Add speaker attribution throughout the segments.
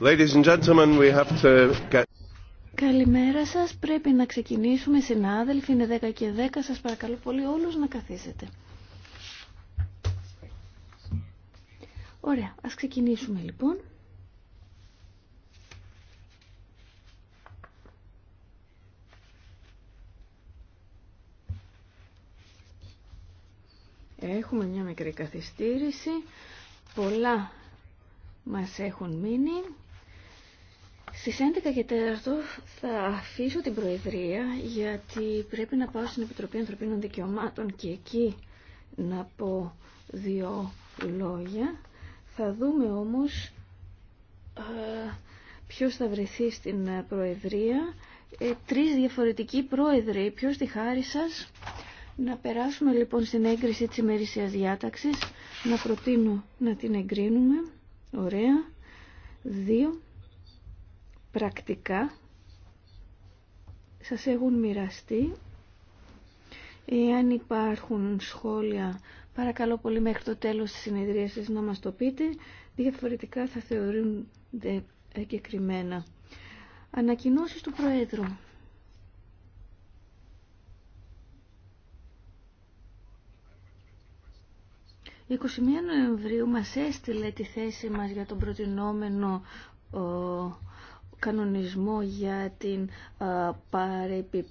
Speaker 1: Ladies and gentlemen, we have to get...
Speaker 2: Καλημέρα σας. Πρέπει να ξεκινήσουμε, συνάδελφοι. Είναι 10 και 10. Σας παρακαλώ πολύ όλους να καθίσετε. Ωραία. Ας ξεκινήσουμε λοιπόν. Έχουμε μια μικρή καθυστήρηση. Πολλά μας έχουν μείνει. Στις 11 και 4 θα αφήσω την Προεδρία γιατί πρέπει να πάω στην Επιτροπή Ανθρωπίνων Δικαιωμάτων και εκεί να πω δύο λόγια. Θα δούμε όμως ποιο ε, ποιος θα βρεθεί στην Προεδρία. Ε, τρεις διαφορετικοί πρόεδροι, ποιος τη χάρη σας. Να περάσουμε λοιπόν στην έγκριση της ημερήσιας διάταξης, να προτείνω να την εγκρίνουμε. Ωραία. Δύο. Πρακτικά. Σας έχουν μοιραστεί. Εάν υπάρχουν σχόλια, παρακαλώ πολύ μέχρι το τέλος της συνεδρίασης να μας το πείτε. Διαφορετικά θα θεωρούνται εγκεκριμένα. Ανακοινώσεις του Προέδρου. 21 Νοεμβρίου μας έστειλε τη θέση μας για τον προτινόμενο κανονισμό για την, ε,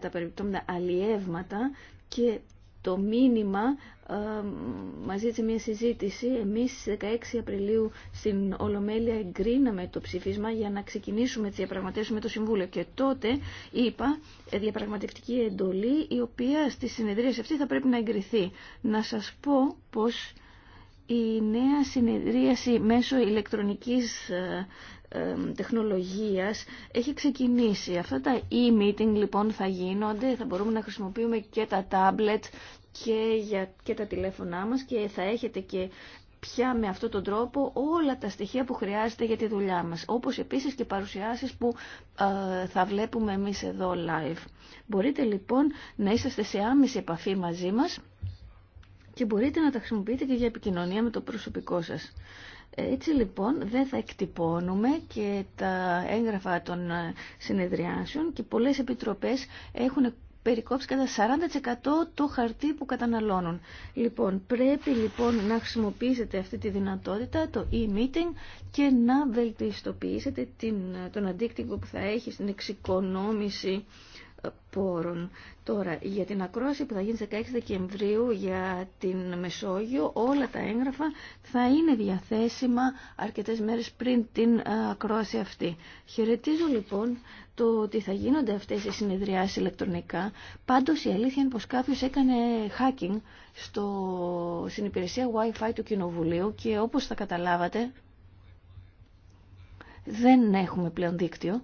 Speaker 2: τα περιπτώμενα αλλιεύματα και το μήνυμα ε, μαζί τη μια συζήτηση. Εμείς στις 16 Απριλίου στην Ολομέλεια εγκρίναμε το ψηφίσμα για να ξεκινήσουμε τι διαπραγματεύσεις με το Συμβούλιο και τότε είπα ε, διαπραγματευτική εντολή η οποία στη συνεδρία αυτή θα πρέπει να εγκριθεί. Να σας πω πως η νέα συνεδρίαση μέσω ηλεκτρονικής ε, τεχνολογίας έχει ξεκινήσει. Αυτά τα e-meeting λοιπόν θα γίνονται, θα μπορούμε να χρησιμοποιούμε και τα tablet και, για, και τα τηλέφωνά μας και θα έχετε και πια με αυτόν τον τρόπο όλα τα στοιχεία που χρειάζεται για τη δουλειά μας. Όπως επίσης και παρουσιάσεις που ε, θα βλέπουμε εμείς εδώ live. Μπορείτε λοιπόν να είσαστε σε άμεση επαφή μαζί μας και μπορείτε να τα χρησιμοποιείτε και για επικοινωνία με το προσωπικό σας. Έτσι λοιπόν δεν θα εκτυπώνουμε και τα έγγραφα των ε, συνεδριάσεων και πολλές επιτροπές έχουν περικόψει κατά 40% το χαρτί που καταναλώνουν. Λοιπόν, πρέπει λοιπόν να χρησιμοποιήσετε αυτή τη δυνατότητα, το e-meeting, και να βελτιστοποιήσετε την, τον αντίκτυπο που θα έχει στην εξοικονόμηση ε, πόρων. Τώρα, για την ακρόαση που θα γίνει 16 Δεκεμβρίου για την Μεσόγειο, όλα τα έγγραφα θα είναι διαθέσιμα αρκετές μέρες πριν την ε, ακρόαση αυτή. Χαιρετίζω λοιπόν το ότι θα γίνονται αυτές οι συνεδριάσεις ηλεκτρονικά. Πάντως η αλήθεια είναι πως κάποιος έκανε hacking στο, στην υπηρεσία Wi-Fi του Κοινοβουλίου και όπως θα καταλάβατε δεν έχουμε πλέον δίκτυο.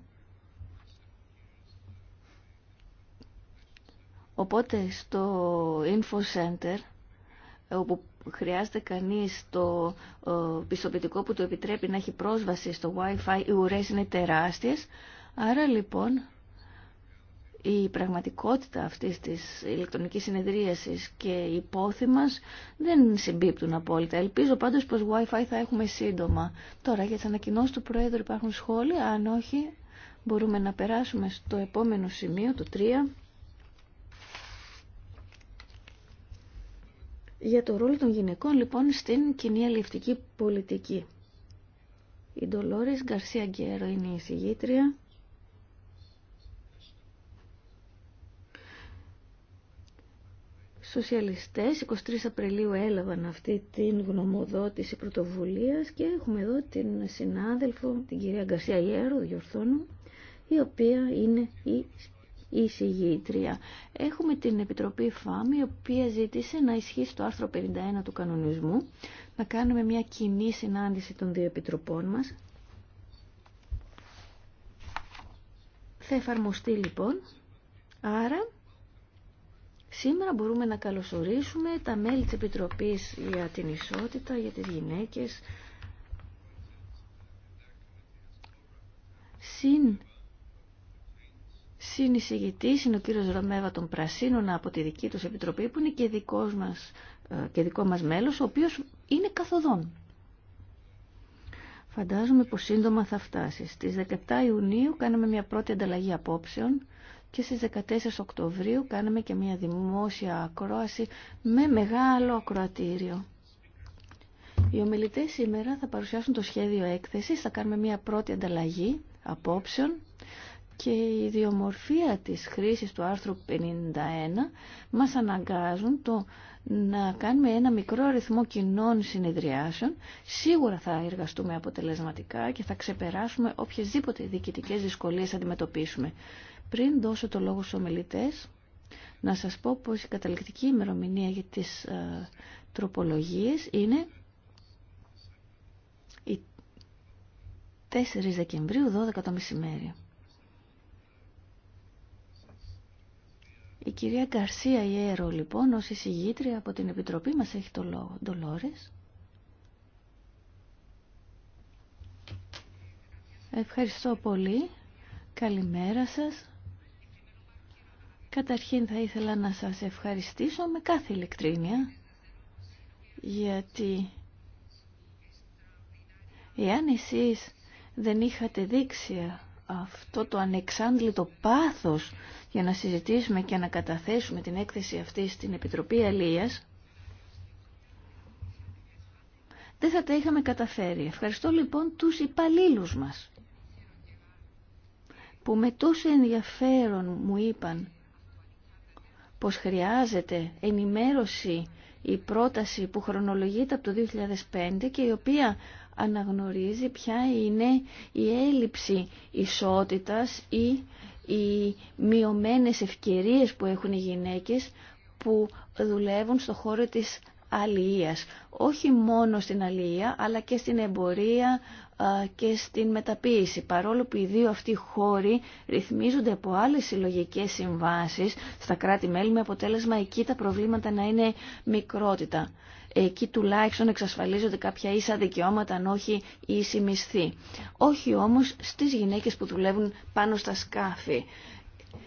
Speaker 2: Οπότε στο Info Center όπου χρειάζεται κανείς το ε, πιστοποιητικό που του επιτρέπει να έχει πρόσβαση στο Wi-Fi, οι ουρές είναι τεράστιες Άρα λοιπόν η πραγματικότητα αυτής της ηλεκτρονικής συνεδρίασης και η πόθη μας δεν συμπίπτουν απόλυτα. Ελπίζω πάντως πως Wi-Fi θα έχουμε σύντομα. Τώρα για τις ανακοινώσεις του Προέδρου υπάρχουν σχόλια, αν όχι μπορούμε να περάσουμε στο επόμενο σημείο, το 3. Για το ρόλο των γυναικών λοιπόν στην κοινή αλληλευτική πολιτική. Η Ντολόρης Γκαρσία Γκέρο είναι η συγγήτρια. σοσιαλιστές 23 Απριλίου έλαβαν αυτή την γνωμοδότηση πρωτοβουλίας και έχουμε εδώ την συνάδελφο, την κυρία Γκαρσία Ιέρο, διορθώνω, η οποία είναι η η συγγήτρια. Έχουμε την Επιτροπή ΦΑΜ, η οποία ζήτησε να ισχύσει το άρθρο 51 του κανονισμού, να κάνουμε μια κοινή συνάντηση των δύο επιτροπών μας. Θα εφαρμοστεί λοιπόν, άρα Σήμερα μπορούμε να καλωσορίσουμε τα μέλη της Επιτροπής για την Ισότητα, για τις γυναίκες, συν εισηγητής είναι ο κύριος Ρωμέβα των Πρασίνων από τη δική τους επιτροπή που είναι και, δικός μας, ε, και δικό μας μέλος ο οποίος είναι καθοδόν. Φαντάζομαι πως σύντομα θα φτάσει. Στις 17 Ιουνίου κάναμε μια πρώτη ανταλλαγή απόψεων και στις 14 Οκτωβρίου κάναμε και μια δημόσια ακρόαση με μεγάλο ακροατήριο. Οι ομιλητές σήμερα θα παρουσιάσουν το σχέδιο έκθεσης, θα κάνουμε μια πρώτη ανταλλαγή απόψεων και η ιδιομορφία της χρήσης του άρθρου 51 μας αναγκάζουν το να κάνουμε ένα μικρό αριθμό κοινών συνεδριάσεων. Σίγουρα θα εργαστούμε αποτελεσματικά και θα ξεπεράσουμε οποιασδήποτε διοικητικές δυσκολίες αντιμετωπίσουμε. Πριν δώσω το λόγο στους ομιλητές, να σας πω πως η καταληκτική ημερομηνία για τις ε, τροπολογίες είναι 4 Δεκεμβρίου 12 το μεσημέρι. Η κυρία Γκαρσία Ιέρο λοιπόν ως εισηγήτρια από την Επιτροπή μας έχει το λόγο. Ντολόρες. Ευχαριστώ πολύ. Καλημέρα σας. Καταρχήν θα ήθελα να σας ευχαριστήσω με κάθε ηλεκτρίνεια γιατί εάν εσείς δεν είχατε δείξει αυτό το ανεξάντλητο πάθος για να συζητήσουμε και να καταθέσουμε την έκθεση αυτή στην Επιτροπή Αλίας, δεν θα τα είχαμε καταφέρει. Ευχαριστώ λοιπόν τους υπαλλήλους μας που με τόσο ενδιαφέρον μου είπαν πως χρειάζεται ενημέρωση η πρόταση που χρονολογείται από το 2005 και η οποία αναγνωρίζει ποια είναι η έλλειψη ισότητας ή οι μειωμένες ευκαιρίες που έχουν οι γυναίκες που δουλεύουν στο χώρο της αλληλείας. Όχι μόνο στην αλληλεία, αλλά και στην εμπορία και στην μεταποίηση. Παρόλο που οι δύο αυτοί χώροι ρυθμίζονται από άλλες συλλογικέ συμβάσεις στα κράτη-μέλη με αποτέλεσμα εκεί τα προβλήματα να είναι μικρότητα εκεί τουλάχιστον εξασφαλίζονται κάποια ίσα δικαιώματα, αν όχι ίση μισθή. Όχι όμως στις γυναίκες που δουλεύουν πάνω στα σκάφη.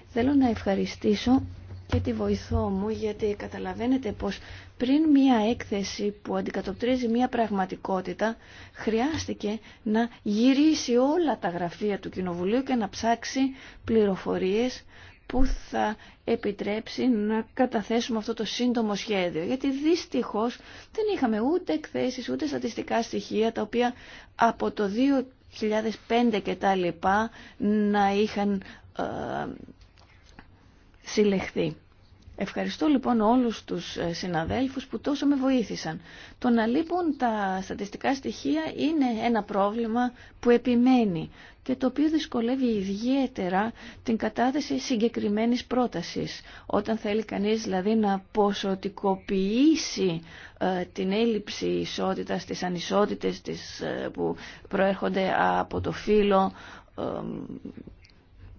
Speaker 2: Θέλω να ευχαριστήσω και τη βοηθό μου γιατί καταλαβαίνετε πως πριν μία έκθεση που αντικατοπτρίζει μία πραγματικότητα χρειάστηκε να γυρίσει όλα τα γραφεία του Κοινοβουλίου και να ψάξει πληροφορίες που θα επιτρέψει να καταθέσουμε αυτό το σύντομο σχέδιο. Γιατί δυστυχώς δεν είχαμε ούτε εκθέσεις, ούτε στατιστικά στοιχεία τα οποία από το 2005 και τα λοιπά να είχαν ε, συλλεχθεί. Ευχαριστώ λοιπόν όλους τους ε, συναδέλφους που τόσο με βοήθησαν. Το να λείπουν τα στατιστικά στοιχεία είναι ένα πρόβλημα που επιμένει και το οποίο δυσκολεύει ιδιαίτερα την κατάθεση συγκεκριμένης πρότασης. Όταν θέλει κανείς δηλαδή να ποσοτικοποιήσει ε, την έλλειψη ισότητας, τις ανισότητες τις, ε, που προέρχονται από το φύλλο, ε,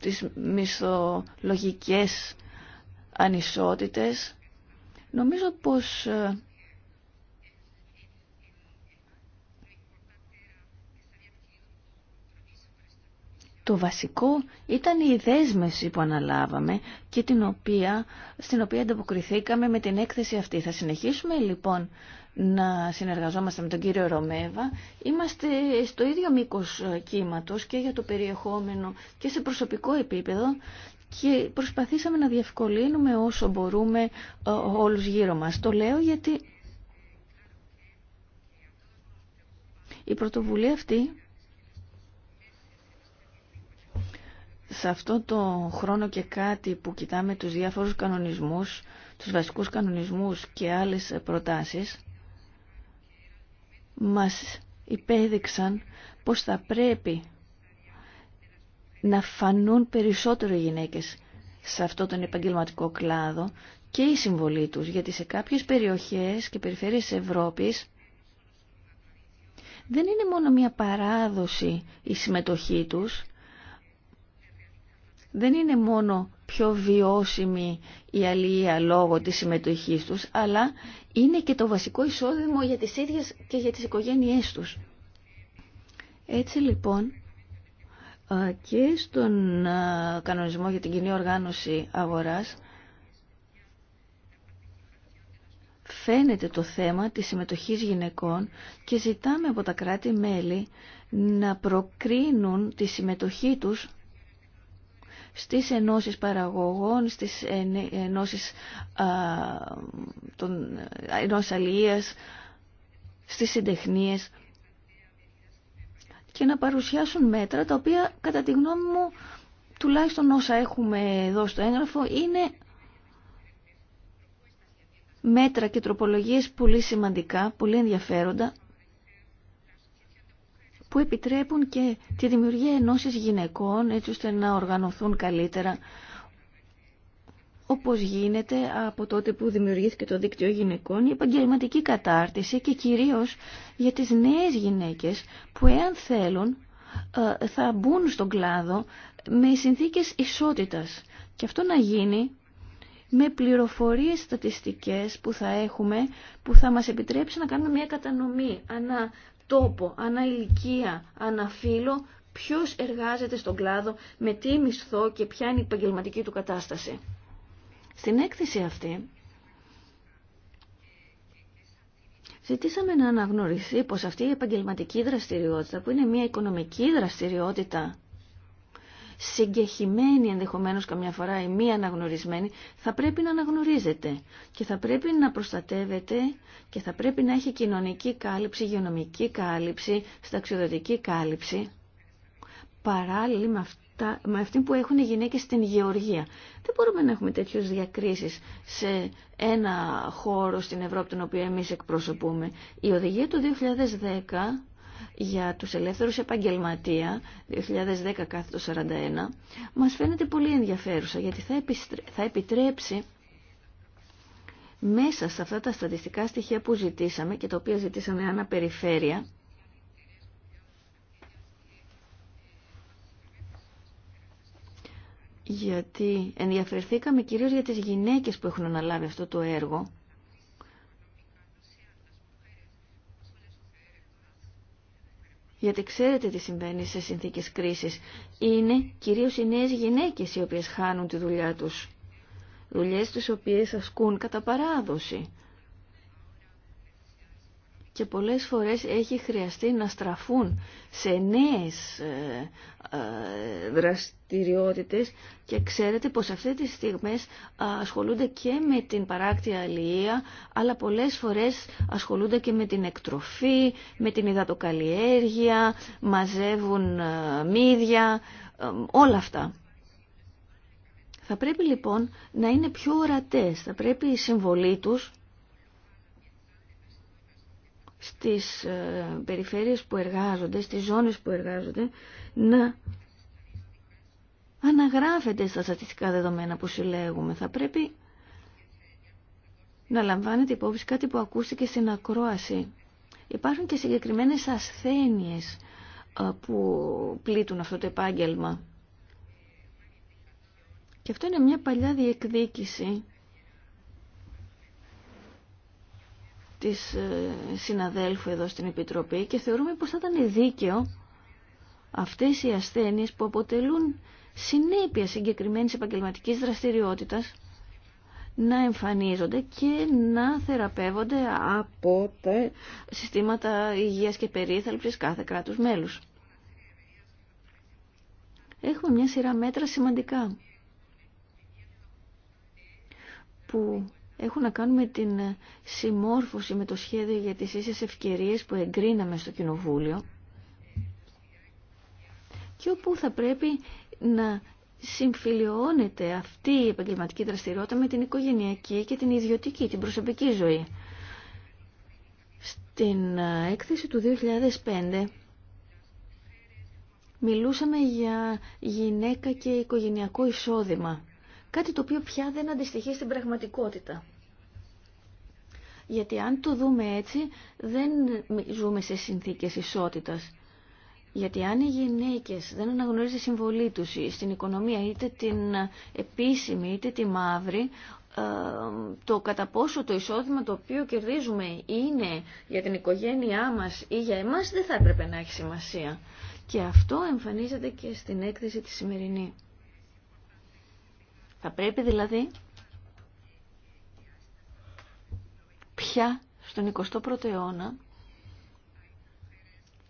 Speaker 2: τις μισθολογικές ανισότητες, νομίζω πως Το βασικό ήταν η δέσμευση που αναλάβαμε και την οποία, στην οποία ανταποκριθήκαμε με την έκθεση αυτή. Θα συνεχίσουμε λοιπόν να συνεργαζόμαστε με τον κύριο Ρωμέβα. Είμαστε στο ίδιο μήκος κύματος και για το περιεχόμενο και σε προσωπικό επίπεδο και προσπαθήσαμε να διευκολύνουμε όσο μπορούμε ε, όλους γύρω μας. Το λέω γιατί η πρωτοβουλία αυτή σε αυτό το χρόνο και κάτι που κοιτάμε τους διάφορους κανονισμούς, τους βασικούς κανονισμούς και άλλες προτάσεις, μας υπέδειξαν πως θα πρέπει να φανούν περισσότερο οι γυναίκες σε αυτό τον επαγγελματικό κλάδο και η συμβολή τους, γιατί σε κάποιες περιοχές και περιφέρειες της Ευρώπης δεν είναι μόνο μια παράδοση η συμμετοχή τους, δεν είναι μόνο πιο βιώσιμη η αλληλεία λόγω της συμμετοχής τους, αλλά είναι και το βασικό εισόδημα για τις ίδιες και για τις οικογένειές τους. Έτσι λοιπόν και στον κανονισμό για την κοινή οργάνωση αγοράς φαίνεται το θέμα της συμμετοχής γυναικών και ζητάμε από τα κράτη-μέλη να προκρίνουν τη συμμετοχή τους στις ενώσεις παραγωγών, στις ενώσεις, α, των, ενώσεις στις συντεχνίες και να παρουσιάσουν μέτρα τα οποία κατά τη γνώμη μου τουλάχιστον όσα έχουμε εδώ στο έγγραφο είναι μέτρα και τροπολογίες πολύ σημαντικά, πολύ ενδιαφέροντα που επιτρέπουν και τη δημιουργία ενώσεις γυναικών έτσι ώστε να οργανωθούν καλύτερα όπως γίνεται από τότε που δημιουργήθηκε το δίκτυο γυναικών, η επαγγελματική κατάρτιση και κυρίως για τις νέες γυναίκες που εάν θέλουν ε, θα μπουν στον κλάδο με συνθήκες ισότητας. Και αυτό να γίνει με πληροφορίες στατιστικές που θα έχουμε, που θα μας επιτρέψει να κάνουμε μια κατανομή ανά τόπο, ανά ηλικία, ανά ποιος εργάζεται στον κλάδο, με τι μισθό και ποια είναι η επαγγελματική του κατάσταση. Στην έκθεση αυτή ζητήσαμε να αναγνωριστεί πως αυτή η επαγγελματική δραστηριότητα που είναι μια οικονομική δραστηριότητα συγκεχημένη ενδεχομένως καμιά φορά ή μη αναγνωρισμένη, θα πρέπει να αναγνωρίζεται και θα πρέπει να προστατεύεται και θα πρέπει να έχει κοινωνική κάλυψη, υγειονομική κάλυψη, σταξιοδοτική κάλυψη, παράλληλη με αυτή με αυτή που έχουν οι γυναίκες στην γεωργία. Δεν μπορούμε να έχουμε τέτοιους διακρίσεις σε ένα χώρο στην Ευρώπη τον οποίο εμείς εκπροσωπούμε. Η οδηγία του 2010 για τους ελεύθερους επαγγελματία 2010 κάθετο 41 μας φαίνεται πολύ ενδιαφέρουσα γιατί θα επιτρέψει μέσα σε αυτά τα στατιστικά στοιχεία που ζητήσαμε και τα οποία ζητήσαμε ανά περιφέρεια γιατί ενδιαφερθήκαμε κυρίως για τις γυναίκες που έχουν αναλάβει αυτό το έργο γιατί ξέρετε τι συμβαίνει σε συνθήκες κρίσης. Είναι κυρίως οι νέες γυναίκες οι οποίες χάνουν τη δουλειά τους. Δουλειές τις οποίες ασκούν κατά παράδοση και πολλές φορές έχει χρειαστεί να στραφούν σε νέες ε, ε, δραστηριότητες και ξέρετε πως αυτές τις στιγμές ασχολούνται και με την παράκτια αλληλεία αλλά πολλές φορές ασχολούνται και με την εκτροφή, με την υδατοκαλλιέργεια, μαζεύουν ε, μύδια, όλα αυτά. Θα πρέπει λοιπόν να είναι πιο ορατές, θα πρέπει η συμβολή τους στις ε, περιφέρειες που εργάζονται, στις ζώνες που εργάζονται, να αναγράφεται στα στατιστικά δεδομένα που συλλέγουμε. Θα πρέπει να λαμβάνεται υπόψη κάτι που ακούστηκε στην ακρόαση. Υπάρχουν και συγκεκριμένες ασθένειες ε, που πλήττουν αυτό το επάγγελμα. Και αυτό είναι μια παλιά διεκδίκηση της ε, συναδέλφου εδώ στην Επιτροπή και θεωρούμε πως θα ήταν δίκαιο αυτές οι ασθένειες που αποτελούν συνέπεια συγκεκριμένης επαγγελματικής δραστηριότητας να εμφανίζονται και να θεραπεύονται από τα συστήματα υγείας και περίθαλψης κάθε κράτους μέλους. Έχουμε μια σειρά μέτρα σημαντικά που έχουν να κάνουν με την ε, συμμόρφωση με το σχέδιο για τις ίσες ευκαιρίες που εγκρίναμε στο Κοινοβούλιο και όπου θα πρέπει να συμφιλιώνεται αυτή η επαγγελματική δραστηριότητα με την οικογενειακή και την ιδιωτική, την προσωπική ζωή. Στην ε, έκθεση του 2005 μιλούσαμε για γυναίκα και οικογενειακό εισόδημα, κάτι το οποίο πια δεν αντιστοιχεί στην πραγματικότητα. Γιατί αν το δούμε έτσι δεν ζούμε σε συνθήκες ισότητας. Γιατί αν οι γυναίκες δεν αναγνωρίζουν τη συμβολή τους στην οικονομία είτε την επίσημη είτε τη μαύρη, ε, το κατά πόσο το εισόδημα το οποίο κερδίζουμε είναι για την οικογένειά μας ή για εμάς δεν θα έπρεπε να έχει σημασία. Και αυτό εμφανίζεται και στην έκθεση τη σημερινή. Θα πρέπει δηλαδή πια στον 21ο αιώνα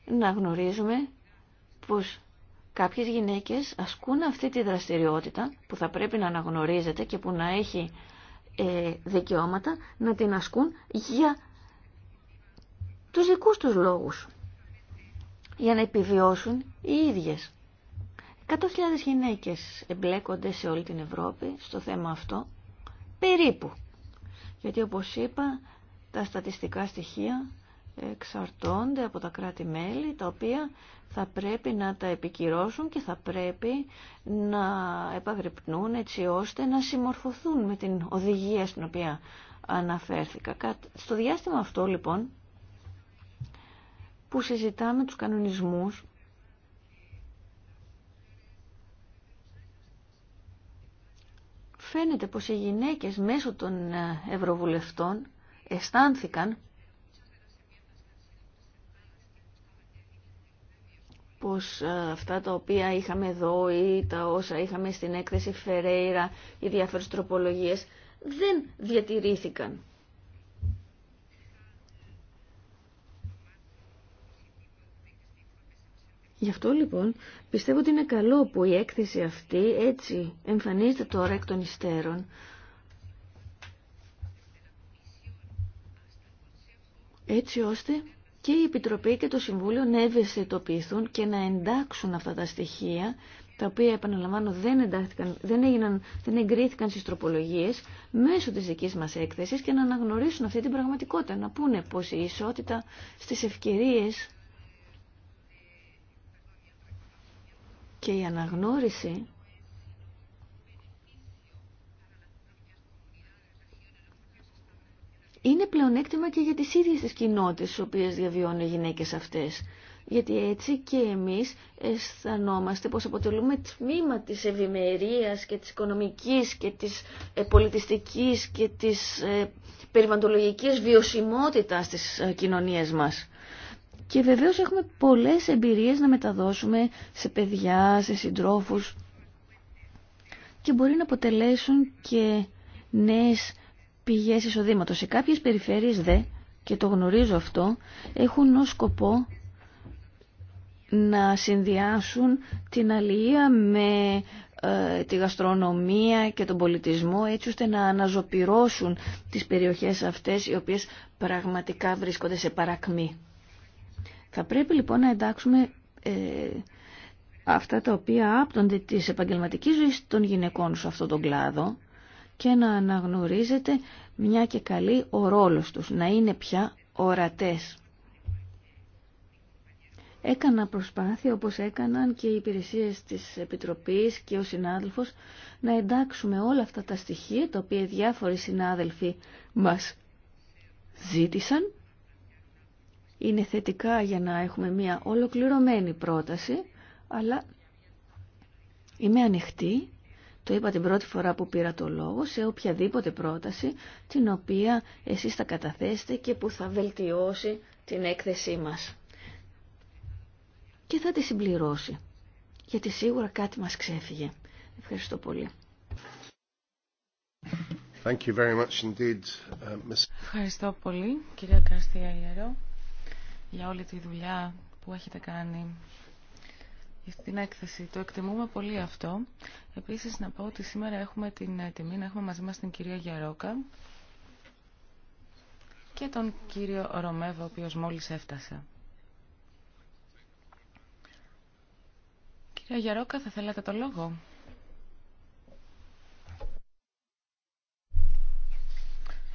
Speaker 2: να γνωρίζουμε πως κάποιες γυναίκες ασκούν αυτή τη δραστηριότητα που θα πρέπει να αναγνωρίζεται και που να έχει ε, δικαιώματα να την ασκούν για τους δικούς τους λόγους για να επιβιώσουν οι ίδιες. 100.000 γυναίκες εμπλέκονται σε όλη την Ευρώπη στο θέμα αυτό περίπου γιατί όπως είπα τα στατιστικά στοιχεία εξαρτώνται από τα κράτη-μέλη, τα οποία θα πρέπει να τα επικυρώσουν και θα πρέπει να επαγρυπνούν έτσι ώστε να συμμορφωθούν με την οδηγία στην οποία αναφέρθηκα. Στο διάστημα αυτό λοιπόν που συζητάμε τους κανονισμούς φαίνεται πως οι γυναίκες μέσω των ε, ευρωβουλευτών αισθάνθηκαν πως ε, αυτά τα οποία είχαμε εδώ ή τα όσα είχαμε στην έκθεση Φερέιρα, οι διάφορες τροπολογίες, δεν διατηρήθηκαν. Γι' αυτό λοιπόν πιστεύω ότι είναι καλό που η έκθεση αυτή έτσι εμφανίζεται τώρα εκ των υστέρων έτσι ώστε και η Επιτροπή και το Συμβούλιο να ευαισθητοποιηθούν και να εντάξουν αυτά τα στοιχεία τα οποία επαναλαμβάνω δεν, εντάχθηκαν, δεν, έγιναν, δεν εγκρίθηκαν στις τροπολογίες μέσω της δικής μας έκθεσης και να αναγνωρίσουν αυτή την πραγματικότητα, να πούνε πως η ισότητα στις ευκαιρίες και η αναγνώριση είναι πλεονέκτημα και για τις ίδιες τις κοινότητες τις οποίες διαβιώνουν οι γυναίκες αυτές. Γιατί έτσι και εμείς αισθανόμαστε πως αποτελούμε τμήμα της ευημερία και της οικονομικής και της ε, πολιτιστικής και της ε, περιβαντολογικής βιωσιμότητας της ε, κοινωνίας μας. Και βεβαίως έχουμε πολλές εμπειρίες να μεταδώσουμε σε παιδιά, σε συντρόφους και μπορεί να αποτελέσουν και νέες πηγές Σε κάποιες περιφέρειες δε, και το γνωρίζω αυτό, έχουν ως σκοπό να συνδυάσουν την αλληλεία με ε, τη γαστρονομία και τον πολιτισμό έτσι ώστε να αναζωπυρώσουν τις περιοχές αυτές οι οποίες πραγματικά βρίσκονται σε παρακμή. Θα πρέπει λοιπόν να εντάξουμε ε, αυτά τα οποία άπτονται της επαγγελματικής ζωής των γυναικών σε αυτόν τον κλάδο και να αναγνωρίζεται μια και καλή ο ρόλος τους, να είναι πια ορατές. Έκανα προσπάθεια, όπως έκαναν και οι υπηρεσίες της Επιτροπής και ο συνάδελφος, να εντάξουμε όλα αυτά τα στοιχεία, τα οποία διάφοροι συνάδελφοι μας ζήτησαν. Είναι θετικά για να έχουμε μια ολοκληρωμένη πρόταση, αλλά είμαι ανοιχτή το είπα την πρώτη φορά που πήρα το λόγο σε οποιαδήποτε πρόταση την οποία εσείς θα καταθέσετε και που θα βελτιώσει την έκθεσή μας. Και θα τη συμπληρώσει. Γιατί σίγουρα κάτι μας ξέφυγε. Ευχαριστώ πολύ.
Speaker 1: Thank you very much indeed, uh,
Speaker 3: Ευχαριστώ πολύ, κυρία Καρστία Ιερό, για όλη τη δουλειά που έχετε κάνει στην έκθεση. Το εκτιμούμε πολύ αυτό. Επίσης να πω ότι σήμερα έχουμε την ε, τιμή να έχουμε μαζί μας την κυρία Γιαρόκα και τον κύριο Ρωμεύα, ο οποίος μόλις έφτασε. Κυρία Γιαρόκα, θα θέλατε το λόγο.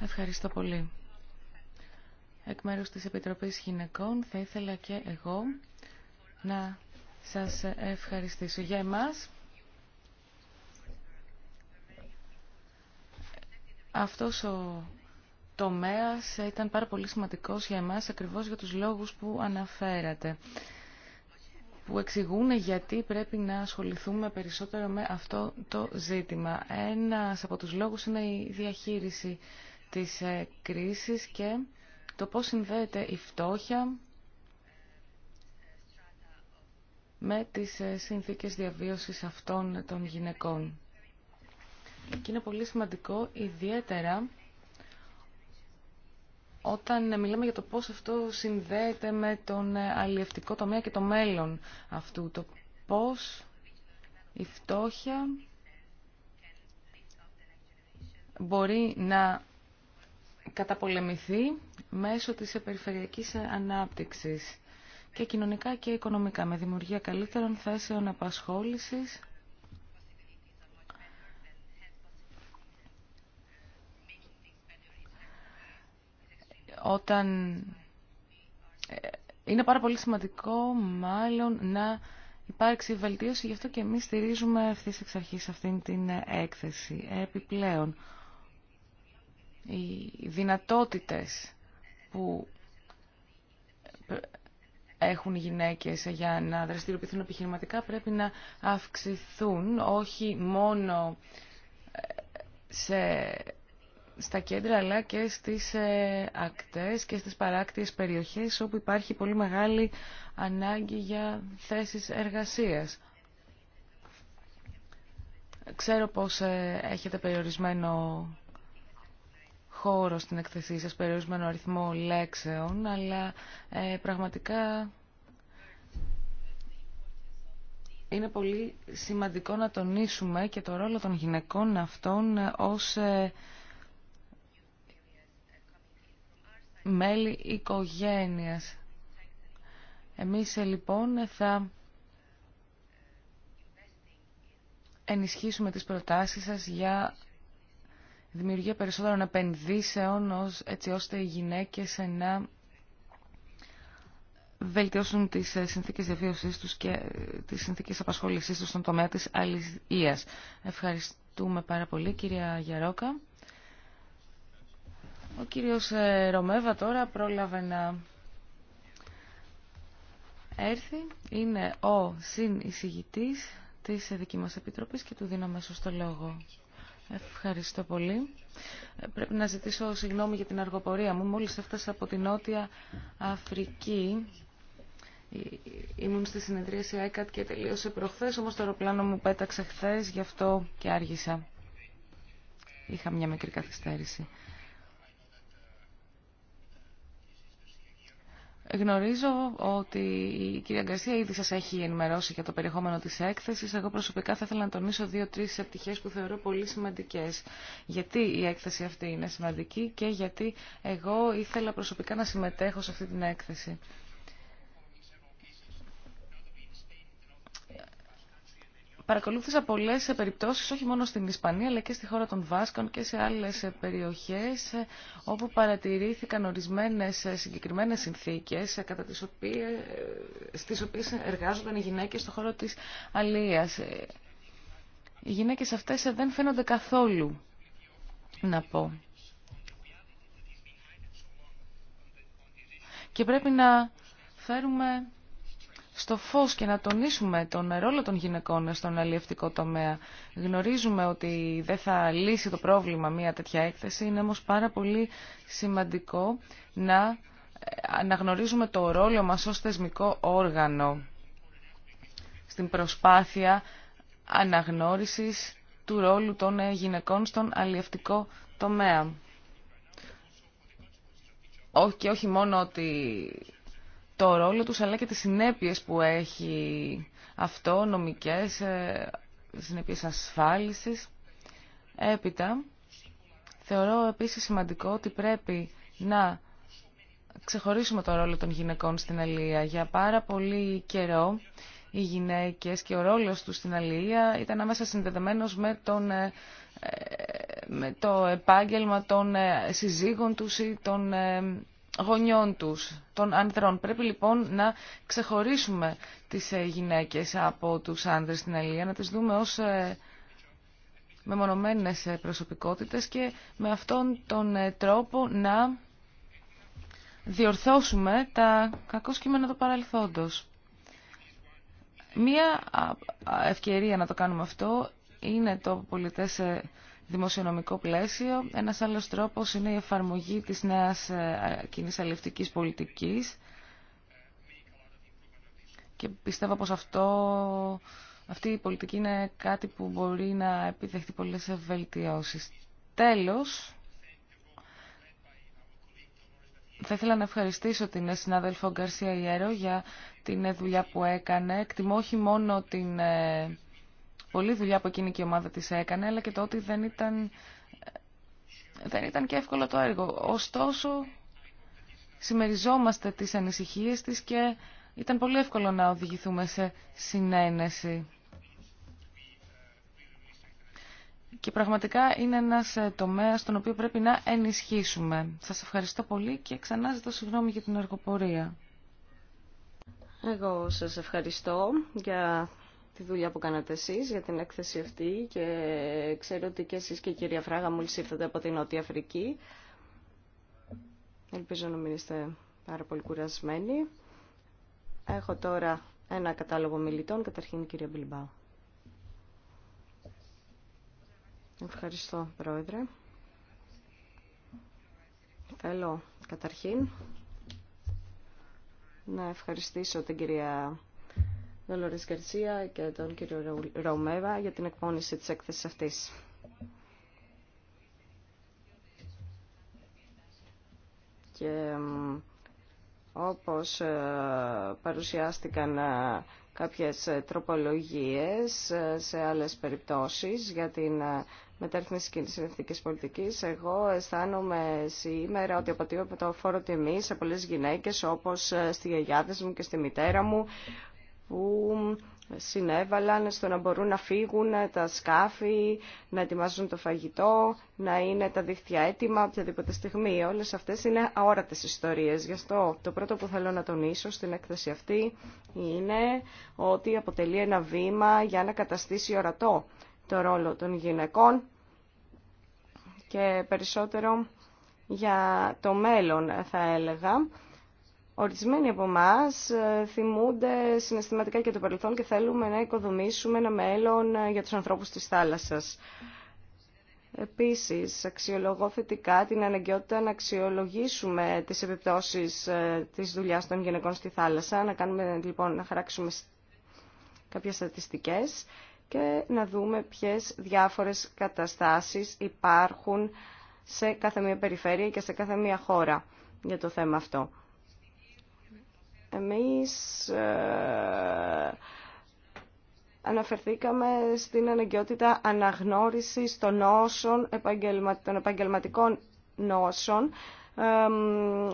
Speaker 3: Ευχαριστώ πολύ. Εκ μέρους της Επιτροπής Γυναικών θα ήθελα και εγώ να σας ευχαριστήσω. Για εμάς, αυτός ο τομέας ήταν πάρα πολύ σημαντικός για εμάς, ακριβώς για τους λόγους που αναφέρατε, που εξηγούν γιατί πρέπει να ασχοληθούμε περισσότερο με αυτό το ζήτημα. Ένας από τους λόγους είναι η διαχείριση της ε, κρίσης και το πώς συνδέεται η φτώχεια με τις ε, συνθήκες διαβίωσης αυτών των γυναικών. Και είναι πολύ σημαντικό, ιδιαίτερα όταν μιλάμε για το πώς αυτό συνδέεται με τον ε, αλλιευτικό τομέα και το μέλλον αυτού, το πώς η φτώχεια μπορεί να καταπολεμηθεί μέσω της περιφερειακής ανάπτυξης και κοινωνικά και οικονομικά, με δημιουργία καλύτερων θέσεων απασχόλησης όταν ε, είναι πάρα πολύ σημαντικό μάλλον να υπάρξει βελτίωση, γι' αυτό και εμείς στηρίζουμε ευθύ εξ αρχής αυτήν την ε, έκθεση. Επιπλέον, οι δυνατότητες που ε, έχουν γυναίκες για να δραστηριοποιηθούν επιχειρηματικά πρέπει να αυξηθούν όχι μόνο ε, σε, στα κέντρα αλλά και στις ε, ακτές και στις παράκτιες περιοχές όπου υπάρχει πολύ μεγάλη ανάγκη για θέσεις εργασίας. Ξέρω πως ε, έχετε περιορισμένο χώρο στην εκθεσή σας, περιορισμένο αριθμό λέξεων, αλλά ε, πραγματικά είναι πολύ σημαντικό να τονίσουμε και το ρόλο των γυναικών αυτών ε, ως ε, μέλη οικογένειας. Εμείς ε, λοιπόν θα ενισχύσουμε τις προτάσεις σας για δημιουργία περισσότερων επενδύσεων έτσι ώστε οι γυναίκες να βελτιώσουν τις ε, συνθήκες διαβίωσής τους και ε, τις συνθήκες απασχόλησής τους στον τομέα της αλληλείας. Ευχαριστούμε πάρα πολύ κυρία Γιαρόκα. Ο κύριος ε, Ρωμέβα τώρα πρόλαβε να έρθει. Είναι ο συνεισηγητής της δική μας επιτροπής και του δίνω μέσω στο λόγο. Ευχαριστώ πολύ. Ε, πρέπει να ζητήσω συγγνώμη για την αργοπορία μου. Μόλις έφτασα από την Νότια Αφρική, ε, ήμουν στη συνεδρίαση ΆΕΚΑΤ και τελείωσε προχθές, όμως το αεροπλάνο μου πέταξε χθε, γι' αυτό και άργησα. Είχα μια μικρή καθυστέρηση. Γνωρίζω ότι η κυρία Γκαρσία ήδη σα έχει ενημερώσει για το περιεχόμενο της έκθεσης. Εγώ προσωπικά θα ήθελα να τονίσω δύο-τρει επιτυχίες που θεωρώ πολύ σημαντικές. Γιατί η έκθεση αυτή είναι σημαντική και γιατί εγώ ήθελα προσωπικά να συμμετέχω σε αυτή την έκθεση. Παρακολούθησα πολλές περιπτώσει, όχι μόνο στην Ισπανία, αλλά και στη χώρα των Βάσκων και σε άλλες περιοχέ όπου παρατηρήθηκαν ορισμένες συγκεκριμένες συνθήκες, στι οποίε στις οποίες εργάζονταν οι γυναίκες στον χώρο της Αλία. Οι γυναίκες αυτές δεν φαίνονται καθόλου, να πω. Και πρέπει να φέρουμε στο φως και να τονίσουμε τον ρόλο των γυναικών στον αλλιευτικό τομέα. Γνωρίζουμε ότι δεν θα λύσει το πρόβλημα μια τέτοια έκθεση, είναι όμως πάρα πολύ σημαντικό να ε, αναγνωρίζουμε το ρόλο μας ως θεσμικό όργανο στην προσπάθεια αναγνώρισης του ρόλου των ε, γυναικών στον αλλιευτικό τομέα. Και όχι μόνο ότι το ρόλο τους αλλά και τις συνέπειες που έχει αυτό, νομικές, ε, συνέπειες ασφάλισης. Έπειτα, θεωρώ επίσης σημαντικό ότι πρέπει να ξεχωρίσουμε το ρόλο των γυναικών στην Αλία. Για πάρα πολύ καιρό οι γυναίκες και ο ρόλος τους στην Αλία ήταν άμεσα συνδεδεμένος με, τον, ε, ε, το επάγγελμα των συζύγων τους ή των γονιών τους, των ανδρών. Πρέπει λοιπόν να ξεχωρίσουμε τις ε, γυναίκες από τους άνδρες στην Αλία, να τις δούμε ως ε, μεμονωμένες ε, προσωπικότητες και με αυτόν τον τρόπο να διορθώσουμε τα κακό σκήμενα του παρελθόντος. Μία ευκαιρία να το κάνουμε αυτό είναι το πολιτές δημοσιονομικό πλαίσιο. Ένας άλλος τρόπος είναι η εφαρμογή της νέας ε, κοινή αλληλευτικής πολιτικής και πιστεύω πως αυτό, αυτή η πολιτική είναι κάτι που μπορεί να επιδεχτεί πολλές βελτιώσεις. Τέλος, θα ήθελα να ευχαριστήσω την συνάδελφο Γκαρσία Ιέρο για την δουλειά που έκανε. Εκτιμώ όχι μόνο την ε, πολλή δουλειά που εκείνη και η ομάδα της έκανε, αλλά και το ότι δεν ήταν, δεν ήταν και εύκολο το έργο. Ωστόσο, συμμεριζόμαστε τις ανησυχίες της και ήταν πολύ εύκολο να οδηγηθούμε σε συνένεση. Και πραγματικά είναι ένας ε, τομέας τον οποίο πρέπει να ενισχύσουμε. Σας ευχαριστώ πολύ και ξανά ζητώ συγγνώμη για την αργοπορία.
Speaker 1: Εγώ σας ευχαριστώ για τη δουλειά που κάνατε εσεί για την έκθεση αυτή και ξέρω ότι και εσεί και η κυρία Φράγα μόλι ήρθατε από την Νότια Αφρική. Ελπίζω να μην είστε πάρα πολύ κουρασμένοι. Έχω τώρα ένα κατάλογο μιλητών, καταρχήν η κυρία Μπιλμπάου. Ευχαριστώ, Πρόεδρε. Θέλω καταρχήν να ευχαριστήσω την κυρία Δολόρης Γκαρσία και τον κύριο Ρωμέβα για την εκπόνηση της έκθεσης αυτής. Και όπως ε, παρουσιάστηκαν ε, κάποιες ε, τροπολογίες σε άλλες περιπτώσεις για την μεταρρύθμιση τη συνεθνική πολιτική. Εγώ αισθάνομαι σήμερα ότι αποτείω από το φόρο τιμή σε πολλέ γυναίκε, όπω στη γιαγιάδε μου και στη μητέρα μου, που συνέβαλαν στο να μπορούν να φύγουν τα σκάφη, να ετοιμάζουν το φαγητό, να είναι τα δίχτυα έτοιμα οποιαδήποτε στιγμή. Όλες αυτές είναι αόρατες ιστορίες. Γι' αυτό το πρώτο που θέλω να τονίσω στην έκθεση αυτή είναι ότι αποτελεί ένα βήμα για να καταστήσει ορατό το ρόλο των γυναικών και περισσότερο για το μέλλον θα έλεγα Ορισμένοι από εμά ε, θυμούνται συναισθηματικά και το παρελθόν και θέλουμε να οικοδομήσουμε ένα μέλλον ε, για τους ανθρώπους της θάλασσας. Επίσης, αξιολογώ θετικά την αναγκαιότητα να αξιολογήσουμε τις επιπτώσεις ε, της δουλειάς των γυναικών στη θάλασσα, να, κάνουμε, λοιπόν, να χαράξουμε κάποιες στατιστικές και να δούμε ποιες διάφορες καταστάσεις υπάρχουν σε κάθε μία περιφέρεια και σε κάθε μία χώρα για το θέμα αυτό. Εμείς ε, αναφερθήκαμε στην αναγκαιότητα αναγνώρισης των νόσων, των επαγγελματικών νόσων.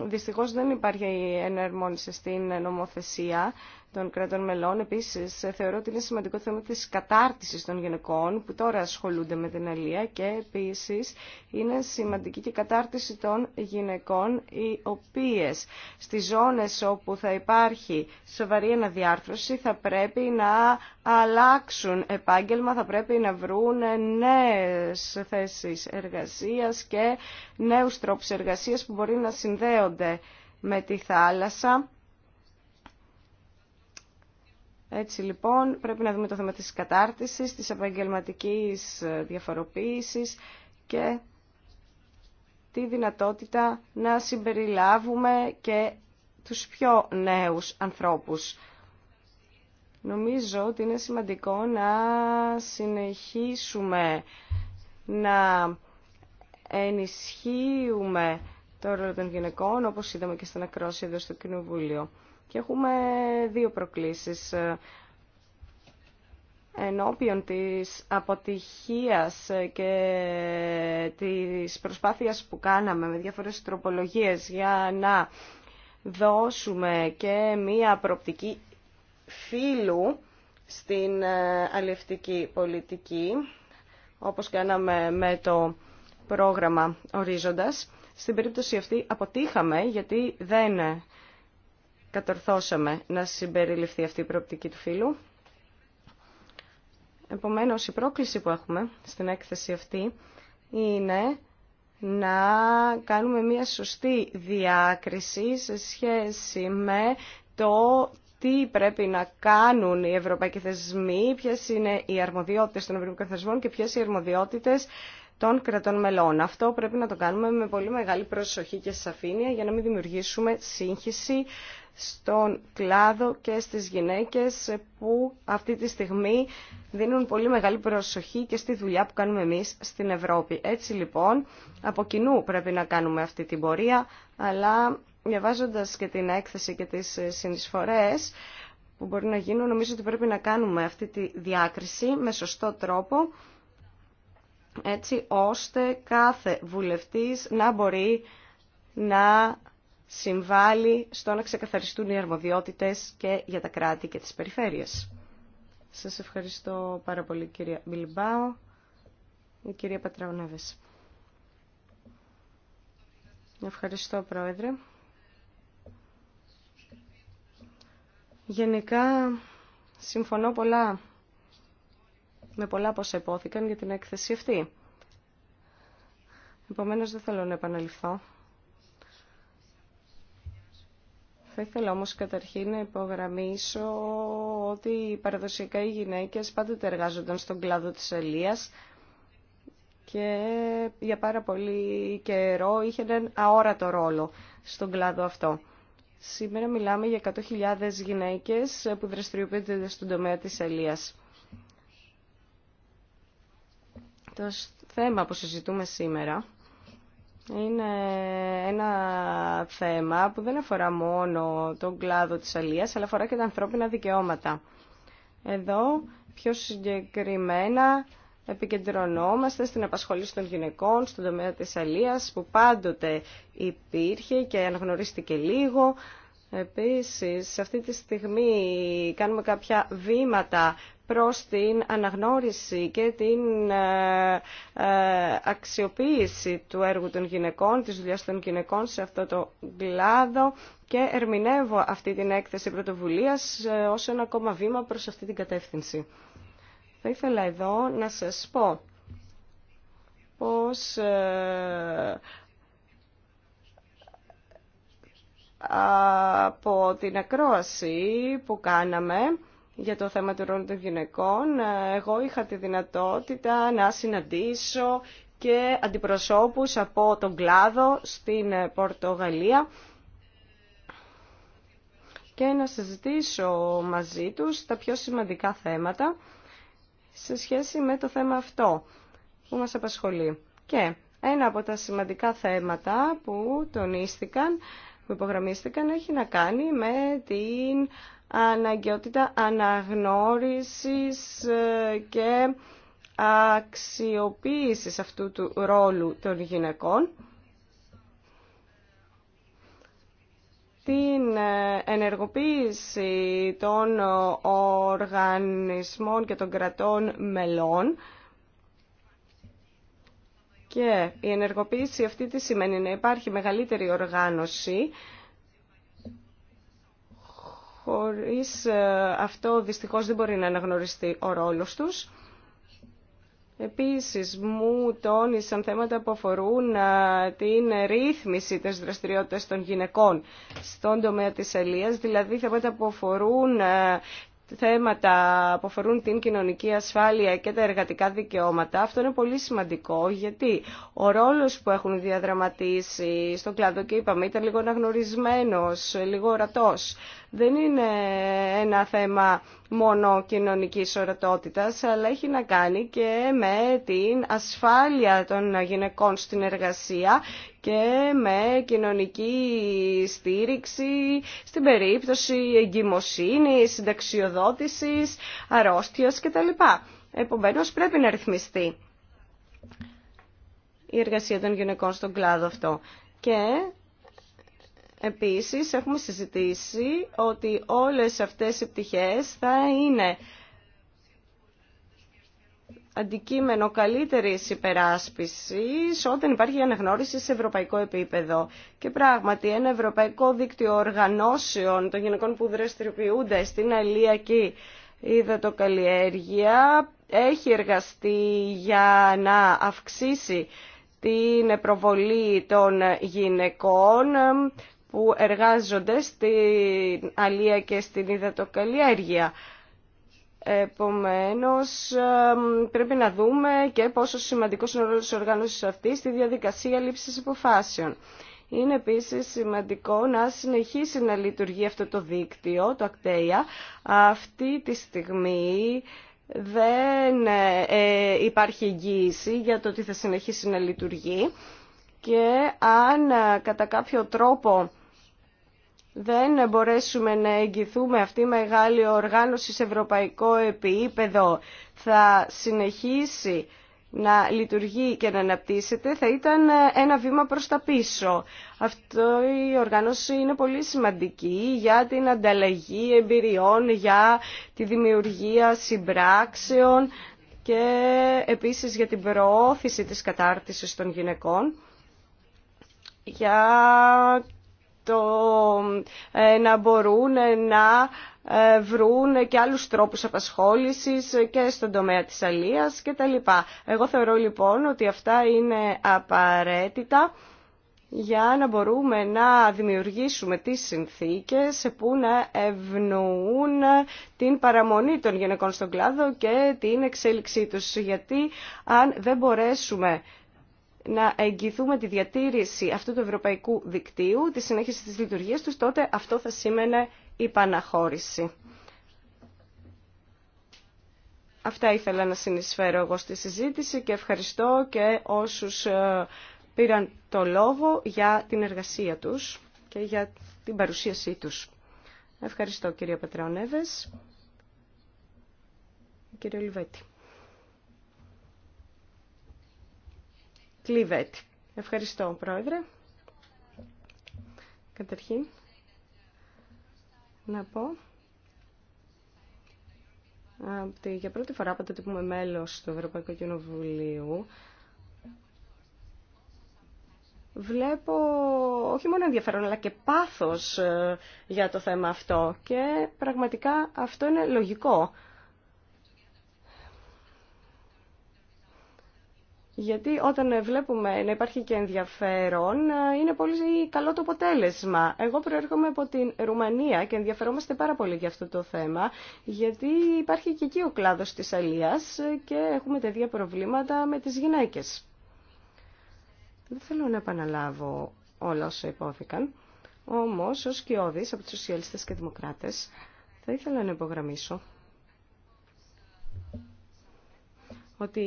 Speaker 1: Δυστυχώς δεν υπάρχει ενερμόνιση στην νομοθεσία των κρατών μελών. Επίσης, θεωρώ ότι είναι σημαντικό θέμα της κατάρτιση των γυναικών που τώρα ασχολούνται με την αλία και επίσης είναι σημαντική και η κατάρτιση των γυναικών οι οποίες στις ζώνες όπου θα υπάρχει σοβαρή αναδιάρθρωση θα πρέπει να αλλάξουν επάγγελμα, θα πρέπει να βρουν νέες θέσεις εργασία και νέου τρόπου εργασία που μπορεί να συνδέονται με τη θάλασσα έτσι λοιπόν πρέπει να δούμε το θέμα της κατάρτισης, της επαγγελματική ε, διαφοροποίησης και τη δυνατότητα να συμπεριλάβουμε και τους πιο νέους ανθρώπους. Νομίζω ότι είναι σημαντικό να συνεχίσουμε να ενισχύουμε το ρόλο των γυναικών, όπως είδαμε και στην ακρόαση εδώ στο Κοινοβούλιο. Και έχουμε δύο προκλήσεις ενώπιον της αποτυχίας και της προσπάθειας που κάναμε με διάφορες τροπολογίες για να δώσουμε και μία προοπτική φύλου στην ε, αλληλευτική πολιτική, όπως κάναμε με το πρόγραμμα Ορίζοντας. Στην περίπτωση αυτή αποτύχαμε γιατί δεν κατορθώσαμε να συμπεριληφθεί αυτή η προοπτική του φύλου. Επομένως, η πρόκληση που έχουμε στην έκθεση αυτή είναι να κάνουμε μια σωστή διάκριση σε σχέση με το τι πρέπει να κάνουν οι ευρωπαϊκοί θεσμοί, ποιες είναι οι αρμοδιότητες των ευρωπαϊκών θεσμών και ποιες οι αρμοδιότητες των κρατών μελών. Αυτό πρέπει να το κάνουμε με πολύ μεγάλη προσοχή και σαφήνεια για να μην δημιουργήσουμε σύγχυση στον κλάδο και στις γυναίκες που αυτή τη στιγμή δίνουν πολύ μεγάλη προσοχή και στη δουλειά που κάνουμε εμείς στην Ευρώπη. Έτσι λοιπόν, από κοινού πρέπει να κάνουμε αυτή την πορεία, αλλά διαβάζοντα και την έκθεση και τις συνεισφορές που μπορεί να γίνουν, νομίζω ότι πρέπει να κάνουμε αυτή τη διάκριση με σωστό τρόπο, έτσι ώστε κάθε βουλευτής να μπορεί να συμβάλλει στο να ξεκαθαριστούν οι αρμοδιότητες και για τα κράτη και τις περιφέρειες. Σας ευχαριστώ πάρα πολύ κυρία Μιλμπάο και κυρία Πατραωνέβες. Ευχαριστώ Πρόεδρε. Γενικά συμφωνώ πολλά με πολλά πως επόθηκαν για την έκθεση αυτή. Επομένως δεν θέλω να επαναληφθώ. Θα ήθελα όμως καταρχήν να υπογραμμίσω ότι παραδοσιακά οι γυναίκες πάντοτε εργάζονταν στον κλάδο της ελιάς και για πάρα πολύ καιρό είχε έναν αόρατο ρόλο στον κλάδο αυτό. Σήμερα μιλάμε για 100.000 γυναίκες που δραστηριοποιούνται στον τομέα της αλίας. Το θέμα που συζητούμε σήμερα είναι ένα θέμα που δεν αφορά μόνο τον κλάδο της αλίας, αλλά αφορά και τα ανθρώπινα δικαιώματα. Εδώ πιο συγκεκριμένα επικεντρωνόμαστε στην απασχολήση των γυναικών στον τομέα της αλίας που πάντοτε υπήρχε και αναγνωρίστηκε λίγο, Επίσης, αυτή τη στιγμή κάνουμε κάποια βήματα προς την αναγνώριση και την ε, ε, αξιοποίηση του έργου των γυναικών, της δουλειάς των γυναικών σε αυτό το κλάδο και ερμηνεύω αυτή την έκθεση πρωτοβουλίας ε, ως ένα ακόμα βήμα προς αυτή την κατεύθυνση. Θα ήθελα εδώ να σας πω πως από την ακρόαση που κάναμε για το θέμα του ρόλου των γυναικών, εγώ είχα τη δυνατότητα να συναντήσω και αντιπροσώπους από τον κλάδο στην Πορτογαλία και να συζητήσω μαζί τους τα πιο σημαντικά θέματα σε σχέση με το θέμα αυτό που μας απασχολεί. Και ένα από τα σημαντικά θέματα που τονίστηκαν που υπογραμμίστηκαν έχει να κάνει με την αναγκαιότητα αναγνώρισης ε, και αξιοποίησης αυτού του ρόλου των γυναικών. την ε, ενεργοποίηση των ε, οργανισμών και των κρατών μελών και η ενεργοποίηση αυτή τι σημαίνει να υπάρχει μεγαλύτερη οργάνωση χωρίς ε, αυτό δυστυχώς δεν μπορεί να αναγνωριστεί ο ρόλος τους. Επίσης, μου τόνισαν θέματα που αφορούν ε, την ρύθμιση της δραστηριότητας των γυναικών στον τομέα της Ελίας, δηλαδή θέματα που αφορούν ε, θέματα που αφορούν την κοινωνική ασφάλεια και τα εργατικά δικαιώματα. Αυτό είναι πολύ σημαντικό γιατί ο ρόλος που έχουν διαδραματίσει στον κλάδο και είπαμε ήταν λίγο αναγνωρισμένο, λίγο ορατός δεν είναι ένα θέμα μόνο κοινωνικής ορατότητας, αλλά έχει να κάνει και με την ασφάλεια των γυναικών στην εργασία και με κοινωνική στήριξη στην περίπτωση εγκυμοσύνης, συνταξιοδότησης, αρρώστιας κτλ. Επομένως πρέπει να ρυθμιστεί η εργασία των γυναικών στον κλάδο αυτό. Και Επίσης, έχουμε συζητήσει ότι όλες αυτές οι πτυχές θα είναι αντικείμενο καλύτερης υπεράσπισης όταν υπάρχει αναγνώριση σε ευρωπαϊκό επίπεδο. Και πράγματι ένα ευρωπαϊκό δίκτυο οργανώσεων των γυναικών που δραστηριοποιούνται στην το υδατοκαλλιέργεια έχει εργαστεί για να αυξήσει την προβολή των γυναικών που εργάζονται στην αλία και στην υδατοκαλλιέργεια. Επομένως, πρέπει να δούμε και πόσο σημαντικός είναι ο ρόλος της οργάνωσης αυτής στη διαδικασία λήψης αποφάσεων. Είναι επίσης σημαντικό να συνεχίσει να λειτουργεί αυτό το δίκτυο, το ακτέια. Αυτή τη στιγμή δεν ε, ε, υπάρχει εγγύηση για το ότι θα συνεχίσει να λειτουργεί και αν ε, κατά κάποιο τρόπο δεν μπορέσουμε να εγγυθούμε αυτή η μεγάλη οργάνωση σε ευρωπαϊκό επίπεδο θα συνεχίσει να λειτουργεί και να αναπτύσσεται θα ήταν ένα βήμα προς τα πίσω. Αυτό η οργάνωση είναι πολύ σημαντική για την ανταλλαγή εμπειριών, για τη δημιουργία συμπράξεων και επίσης για την προώθηση της κατάρτισης των γυναικών για το ε, να μπορούν να ε, βρουν και άλλους τρόπους απασχόλησης και στον τομέα της αλίας και τα λοιπά. Εγώ θεωρώ λοιπόν ότι αυτά είναι απαραίτητα για να μπορούμε να δημιουργήσουμε τις συνθήκες που να ευνοούν την παραμονή των γυναικών στον κλάδο και την εξέλιξή τους. Γιατί αν δεν μπορέσουμε να εγγυηθούμε τη διατήρηση αυτού του ευρωπαϊκού δικτύου, τη συνέχιση της λειτουργίας τους, τότε αυτό θα σήμαινε παναχώρηση. Αυτά ήθελα να συνεισφέρω εγώ στη συζήτηση και ευχαριστώ και όσους ε, πήραν το λόγο για την εργασία τους και για την παρουσίασή τους. Ευχαριστώ κύριε Πατρεωνέβες. Κύριε Λιβέτη. Κλειβέτη. Ευχαριστώ, Πρόεδρε. Καταρχήν, να πω ότι για πρώτη φορά από το που είμαι μέλος του Ευρωπαϊκού Κοινοβουλίου βλέπω όχι μόνο ενδιαφέρον αλλά και πάθος ε, για το θέμα αυτό και πραγματικά αυτό είναι λογικό Γιατί όταν βλέπουμε να υπάρχει και ενδιαφέρον, ε, είναι πολύ καλό το αποτέλεσμα. Εγώ προέρχομαι από την Ρουμανία και ενδιαφερόμαστε πάρα πολύ για αυτό το θέμα, γιατί υπάρχει και εκεί ο κλάδος της αλίας ε, και έχουμε ίδια προβλήματα με τις γυναίκες. Δεν θέλω να επαναλάβω όλα όσα υπόθηκαν, όμως ως κοιόδης από τους σοσιαλιστές και δημοκράτες θα ήθελα να υπογραμμίσω ότι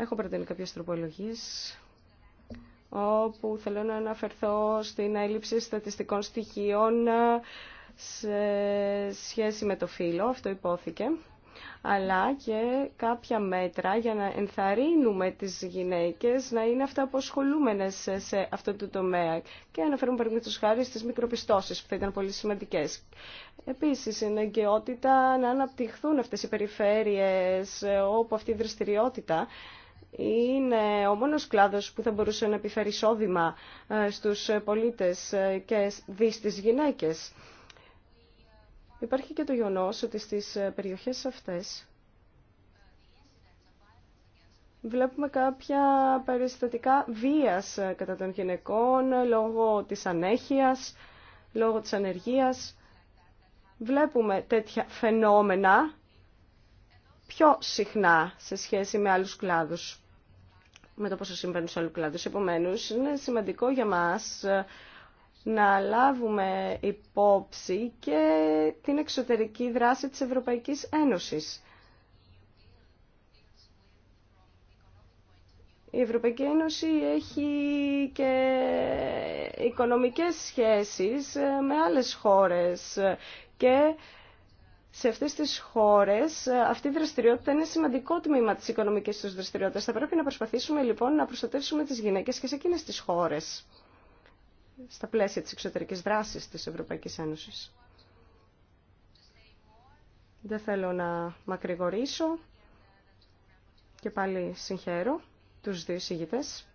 Speaker 1: Έχω παρατείνει κάποιες τροπολογίες όπου θέλω να αναφερθώ στην έλλειψη στατιστικών στοιχείων σε σχέση με το φύλλο, αυτό υπόθηκε, αλλά και κάποια μέτρα για να ενθαρρύνουμε τις γυναίκες να είναι αυτά αποσχολούμενες σε αυτό το τομέα και αναφέρουμε παραδείγματος χάρη στις μικροπιστώσεις που θα ήταν πολύ σημαντικές. Επίσης, η εγκαιότητα να αναπτυχθούν αυτές οι περιφέρειες όπου αυτή η δραστηριότητα είναι ο μόνος κλάδος που θα μπορούσε να επιφέρει εισόδημα ε, στους πολίτες ε, και δει στις γυναίκες. Υπάρχει και το γεγονό ότι στις ε, περιοχές αυτές βλέπουμε κάποια περιστατικά βίας κατά των γυναικών λόγω της ανέχειας, λόγω της ανεργίας. Βλέπουμε τέτοια φαινόμενα πιο συχνά σε σχέση με άλλους κλάδους, με το πόσο συμβαίνουν σε άλλους κλάδους. Επομένως, είναι σημαντικό για μας ε, να λάβουμε υπόψη και την εξωτερική δράση της Ευρωπαϊκής Ένωσης. Η Ευρωπαϊκή Ένωση έχει και οικονομικές σχέσεις ε, με άλλες χώρες ε, και σε αυτές τις χώρες ε, αυτή η δραστηριότητα είναι σημαντικό τμήμα της οικονομικής τους δραστηριότητας. Θα πρέπει να προσπαθήσουμε λοιπόν να προστατεύσουμε τις γυναίκες και σε εκείνες τις χώρες στα πλαίσια της εξωτερικής δράσης της Ευρωπαϊκής Ένωσης. Δεν θέλω να μακρηγορήσω και πάλι συγχαίρω τους δύο συγγητές.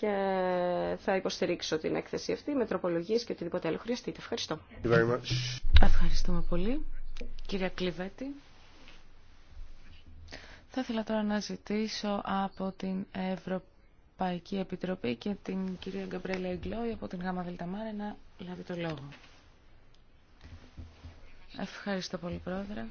Speaker 1: και θα υποστηρίξω την έκθεση αυτή με τροπολογίες και οτιδήποτε άλλο χρειαστείτε. Ευχαριστώ.
Speaker 3: Ευχαριστούμε πολύ. Κυρία Κλειβέτη. Θα ήθελα τώρα να ζητήσω από την Ευρωπαϊκή Επιτροπή και την κυρία Γκαμπρέλα Ιγκλόη από την ΓΑΜΑ Δελταμάρα να λάβει το λόγο. Ευχαριστώ πολύ, Πρόεδρε.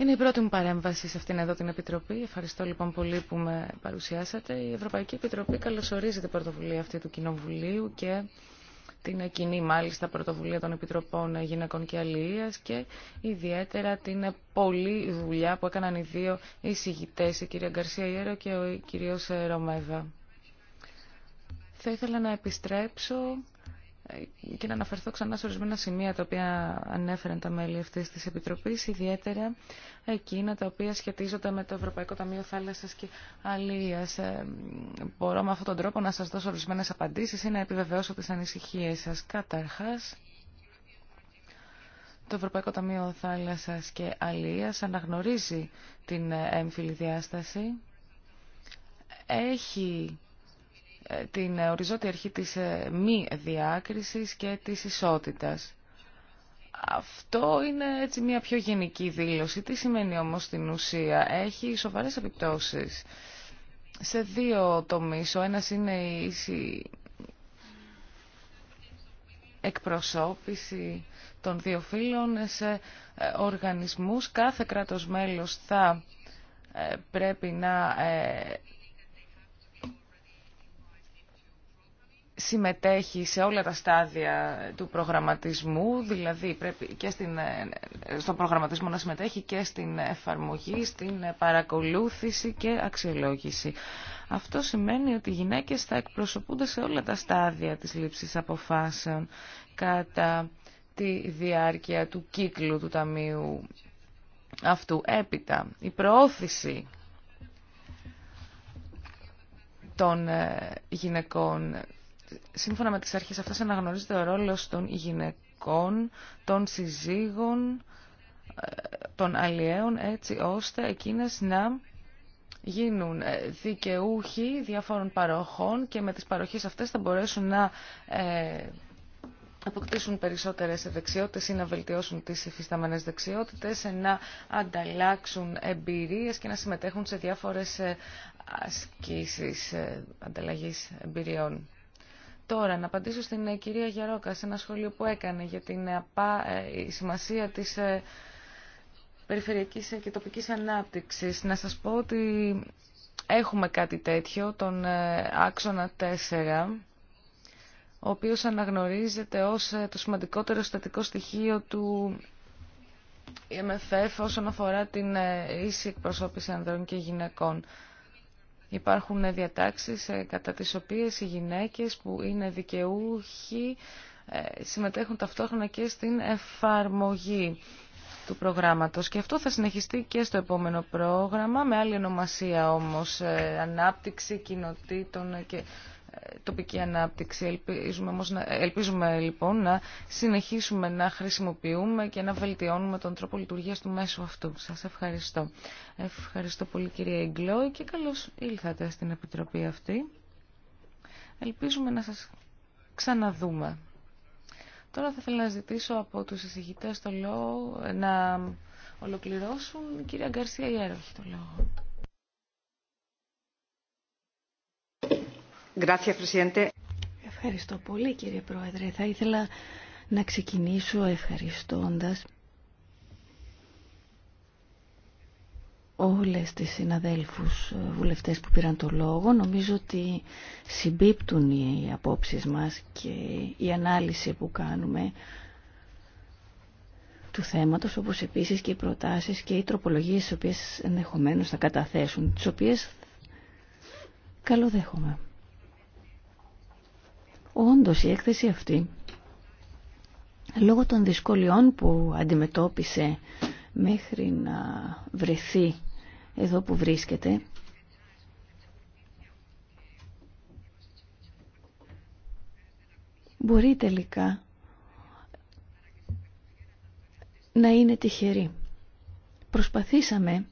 Speaker 3: Είναι η πρώτη μου παρέμβαση σε αυτήν εδώ την Επιτροπή. Ευχαριστώ λοιπόν πολύ που με παρουσιάσατε. Η Ευρωπαϊκή Επιτροπή καλωσορίζει την πρωτοβουλία αυτή του Κοινοβουλίου και την κοινή μάλιστα πρωτοβουλία των Επιτροπών Γυναικών και Αλληλείας και ιδιαίτερα την πολλή δουλειά που έκαναν οι δύο εισηγητές, η κυρία Γκαρσία Ιέρο και ο κύριος Ρωμέβα. Θα ήθελα να επιστρέψω και να αναφερθώ ξανά σε ορισμένα σημεία τα οποία ανέφεραν τα μέλη αυτή τη Επιτροπή, ιδιαίτερα εκείνα τα οποία σχετίζονται με το Ευρωπαϊκό Ταμείο Θάλασσα και Αλία. Ε, μπορώ με αυτόν τον τρόπο να σα δώσω ορισμένε απαντήσει ή να επιβεβαιώσω τι ανησυχίε σα. Καταρχά, το Ευρωπαϊκό Ταμείο Θάλασσα και Αλία αναγνωρίζει την έμφυλη διάσταση. Έχει την οριζόντια αρχή της ε, μη διάκρισης και της ισότητας. Αυτό είναι έτσι μια πιο γενική δήλωση. Τι σημαίνει όμως την ουσία. Έχει σοβαρές επιπτώσεις σε δύο τομείς. Ο ένας είναι η εκπροσώπηση των δύο φύλων σε ε, οργανισμούς. Κάθε κράτος μέλος θα ε, πρέπει να συμμετέχει σε όλα τα στάδια του προγραμματισμού, δηλαδή πρέπει και στην, στον προγραμματισμό να συμμετέχει και στην εφαρμογή, στην παρακολούθηση και αξιολόγηση. Αυτό σημαίνει ότι οι γυναίκες θα εκπροσωπούνται σε όλα τα στάδια της λήψης αποφάσεων κατά τη διάρκεια του κύκλου του Ταμείου αυτού. Έπειτα, η προώθηση των γυναικών σύμφωνα με τις αρχές αυτές αναγνωρίζεται ο ρόλος των γυναικών, των συζύγων, ε, των αλλιέων έτσι ώστε εκείνες να γίνουν ε, δικαιούχοι διαφόρων παροχών και με τις παροχές αυτές θα μπορέσουν να ε, αποκτήσουν περισσότερες δεξιότητες ή να βελτιώσουν τις υφισταμένες δεξιότητες, να ανταλλάξουν εμπειρίες και να συμμετέχουν σε διάφορες ασκήσεις ανταλλαγής εμπειριών. Τώρα, να απαντήσω στην ε, κυρία Γερόκα σε ένα σχόλιο που έκανε για την ε, ε, σημασία της περιφερειακής και τοπικής ανάπτυξης. Να σας πω ότι έχουμε κάτι τέτοιο, τον άξονα 4, ο οποίος αναγνωρίζεται ως το σημαντικότερο στατικό στοιχείο του MFF όσον αφορά την ίση εκπροσώπηση ανδρών και γυναικών. Υπάρχουν διατάξεις ε, κατά τις οποίες οι γυναίκες που είναι δικαιούχοι ε, συμμετέχουν ταυτόχρονα και στην εφαρμογή του προγράμματος. Και αυτό θα συνεχιστεί και στο επόμενο πρόγραμμα, με άλλη ονομασία όμως, ε, ανάπτυξη κοινοτήτων και τοπική ανάπτυξη. Ελπίζουμε, όμως, ελπίζουμε λοιπόν να συνεχίσουμε να χρησιμοποιούμε και να βελτιώνουμε τον τρόπο λειτουργίας του μέσου αυτού. Σας ευχαριστώ. Ευχαριστώ πολύ κυρία Εγκλό και καλώς ήλθατε στην Επιτροπή αυτή. Ελπίζουμε να σας ξαναδούμε. Τώρα θα ήθελα να ζητήσω από τους εισηγητές το λόγο να ολοκληρώσουν. κυρία Γκαρσία η το λόγο.
Speaker 2: Ευχαριστώ πολύ κύριε Πρόεδρε. Θα ήθελα να ξεκινήσω ευχαριστώντας όλες τις συναδέλφους ε, βουλευτές που πήραν το λόγο. Νομίζω ότι συμπίπτουν οι απόψεις μας και η ανάλυση που κάνουμε του θέματος, όπως επίσης και οι προτάσεις και οι τροπολογίες τις οποίες ενδεχομένως θα καταθέσουν, τις οποίες καλοδέχομαι. Όντως η έκθεση αυτή, λόγω των δυσκολιών που αντιμετώπισε μέχρι να βρεθεί εδώ που βρίσκεται, μπορεί τελικά να είναι τυχερή. Προσπαθήσαμε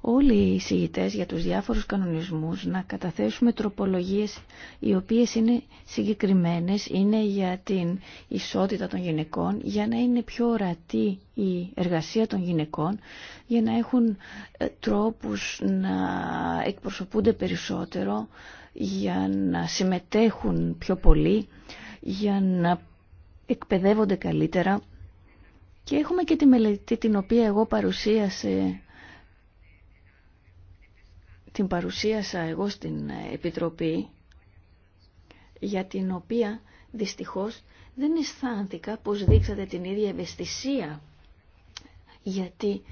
Speaker 2: όλοι οι εισηγητές για τους διάφορους κανονισμούς να καταθέσουμε τροπολογίες οι οποίες είναι συγκεκριμένες, είναι για την ισότητα των γυναικών, για να είναι πιο ορατή η εργασία των γυναικών, για να έχουν ε, τρόπους να εκπροσωπούνται περισσότερο, για να συμμετέχουν πιο πολύ, για να εκπαιδεύονται καλύτερα. Και έχουμε και τη μελετή την οποία εγώ παρουσίασε την παρουσίασα εγώ στην Επιτροπή για την οποία δυστυχώς δεν αισθάνθηκα πως δείξατε την ίδια ευαισθησία γιατί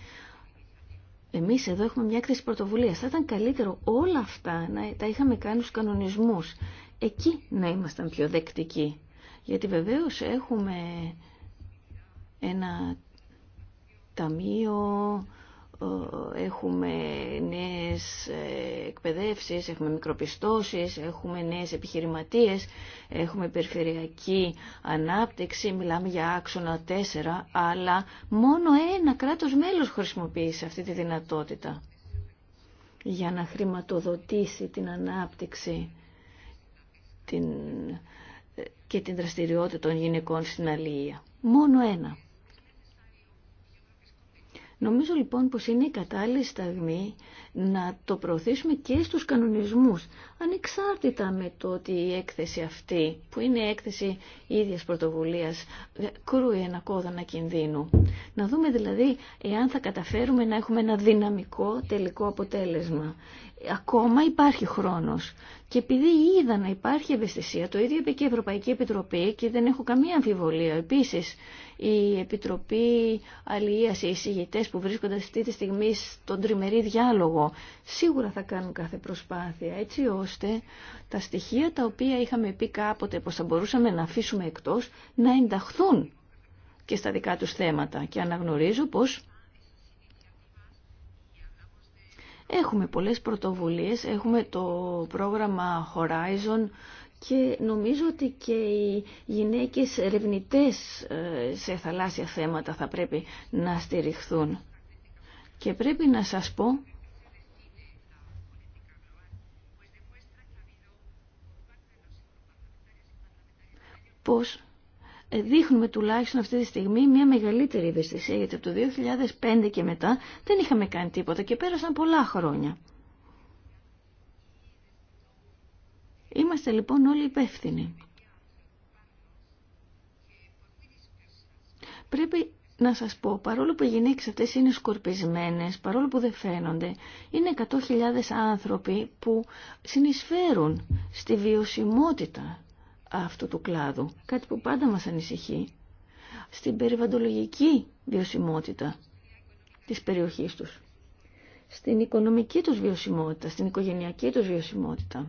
Speaker 2: εμείς εδώ έχουμε μια έκθεση πρωτοβουλία. Θα ήταν καλύτερο όλα αυτά να τα είχαμε κάνει στους κανονισμούς. Εκεί να ήμασταν πιο δεκτικοί. Γιατί βεβαίως έχουμε ένα ταμείο ε, έχουμε νέες ε, εκπαιδεύσεις, έχουμε μικροπιστώσεις, έχουμε νέες επιχειρηματίες, έχουμε περιφερειακή ανάπτυξη, μιλάμε για άξονα 4, αλλά μόνο ένα κράτος μέλος χρησιμοποιεί αυτή τη δυνατότητα για να χρηματοδοτήσει την ανάπτυξη την... Ε, και την δραστηριότητα των γυναικών στην αλληλεία. Μόνο ένα. Νομίζω λοιπόν πως είναι η κατάλληλη στιγμή να το προωθήσουμε και στους κανονισμούς, ανεξάρτητα με το ότι η έκθεση αυτή, που είναι έκθεση ίδιας πρωτοβουλίας, κρούει ένα κόδωνα κινδύνου. Να δούμε δηλαδή εάν θα καταφέρουμε να έχουμε ένα δυναμικό τελικό αποτέλεσμα. Ακόμα υπάρχει χρόνος. Και επειδή είδα να υπάρχει ευαισθησία, το ίδιο είπε και η Ευρωπαϊκή Επιτροπή και δεν έχω καμία αμφιβολία. Επίσης, η Επιτροπή Αλληλείας, οι εισηγητές που βρίσκονται αυτή τη στιγμή στον τριμερή διάλογο, σίγουρα θα κάνουν κάθε προσπάθεια έτσι ώστε τα στοιχεία τα οποία είχαμε πει κάποτε πως θα μπορούσαμε να αφήσουμε εκτός να ενταχθούν και στα δικά τους θέματα και αναγνωρίζω πως Έχουμε πολλές πρωτοβουλίες, έχουμε το πρόγραμμα Horizon και νομίζω ότι και οι γυναίκες ερευνητέ ε, σε θαλάσσια θέματα θα πρέπει να στηριχθούν. Και πρέπει να σας πω πως ε, δείχνουμε τουλάχιστον αυτή τη στιγμή μια μεγαλύτερη ευαισθησία, γιατί από το 2005 και μετά δεν είχαμε κάνει τίποτα και πέρασαν πολλά χρόνια. Είμαστε λοιπόν όλοι υπεύθυνοι. Πρέπει να σας πω, παρόλο που οι γυναίκες αυτές είναι σκορπισμένες, παρόλο που δεν φαίνονται, είναι 100.000 άνθρωποι που συνεισφέρουν στη βιωσιμότητα αυτού του κλάδου. Κάτι που πάντα μας ανησυχεί. Στην περιβαντολογική βιωσιμότητα της περιοχής τους. Στην οικονομική τους βιωσιμότητα, στην οικογενειακή τους βιωσιμότητα.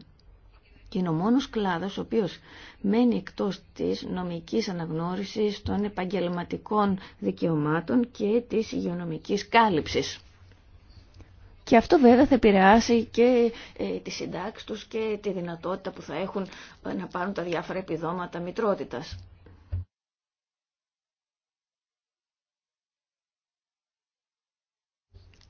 Speaker 2: Και είναι ο μόνος κλάδος ο οποίος μένει εκτός της νομικής αναγνώρισης των επαγγελματικών δικαιωμάτων και της υγειονομικής κάλυψης. Και αυτό βέβαια θα επηρεάσει και ε, τη συντάξη τους και τη δυνατότητα που θα έχουν ε, να πάρουν τα διάφορα επιδόματα μητρότητας.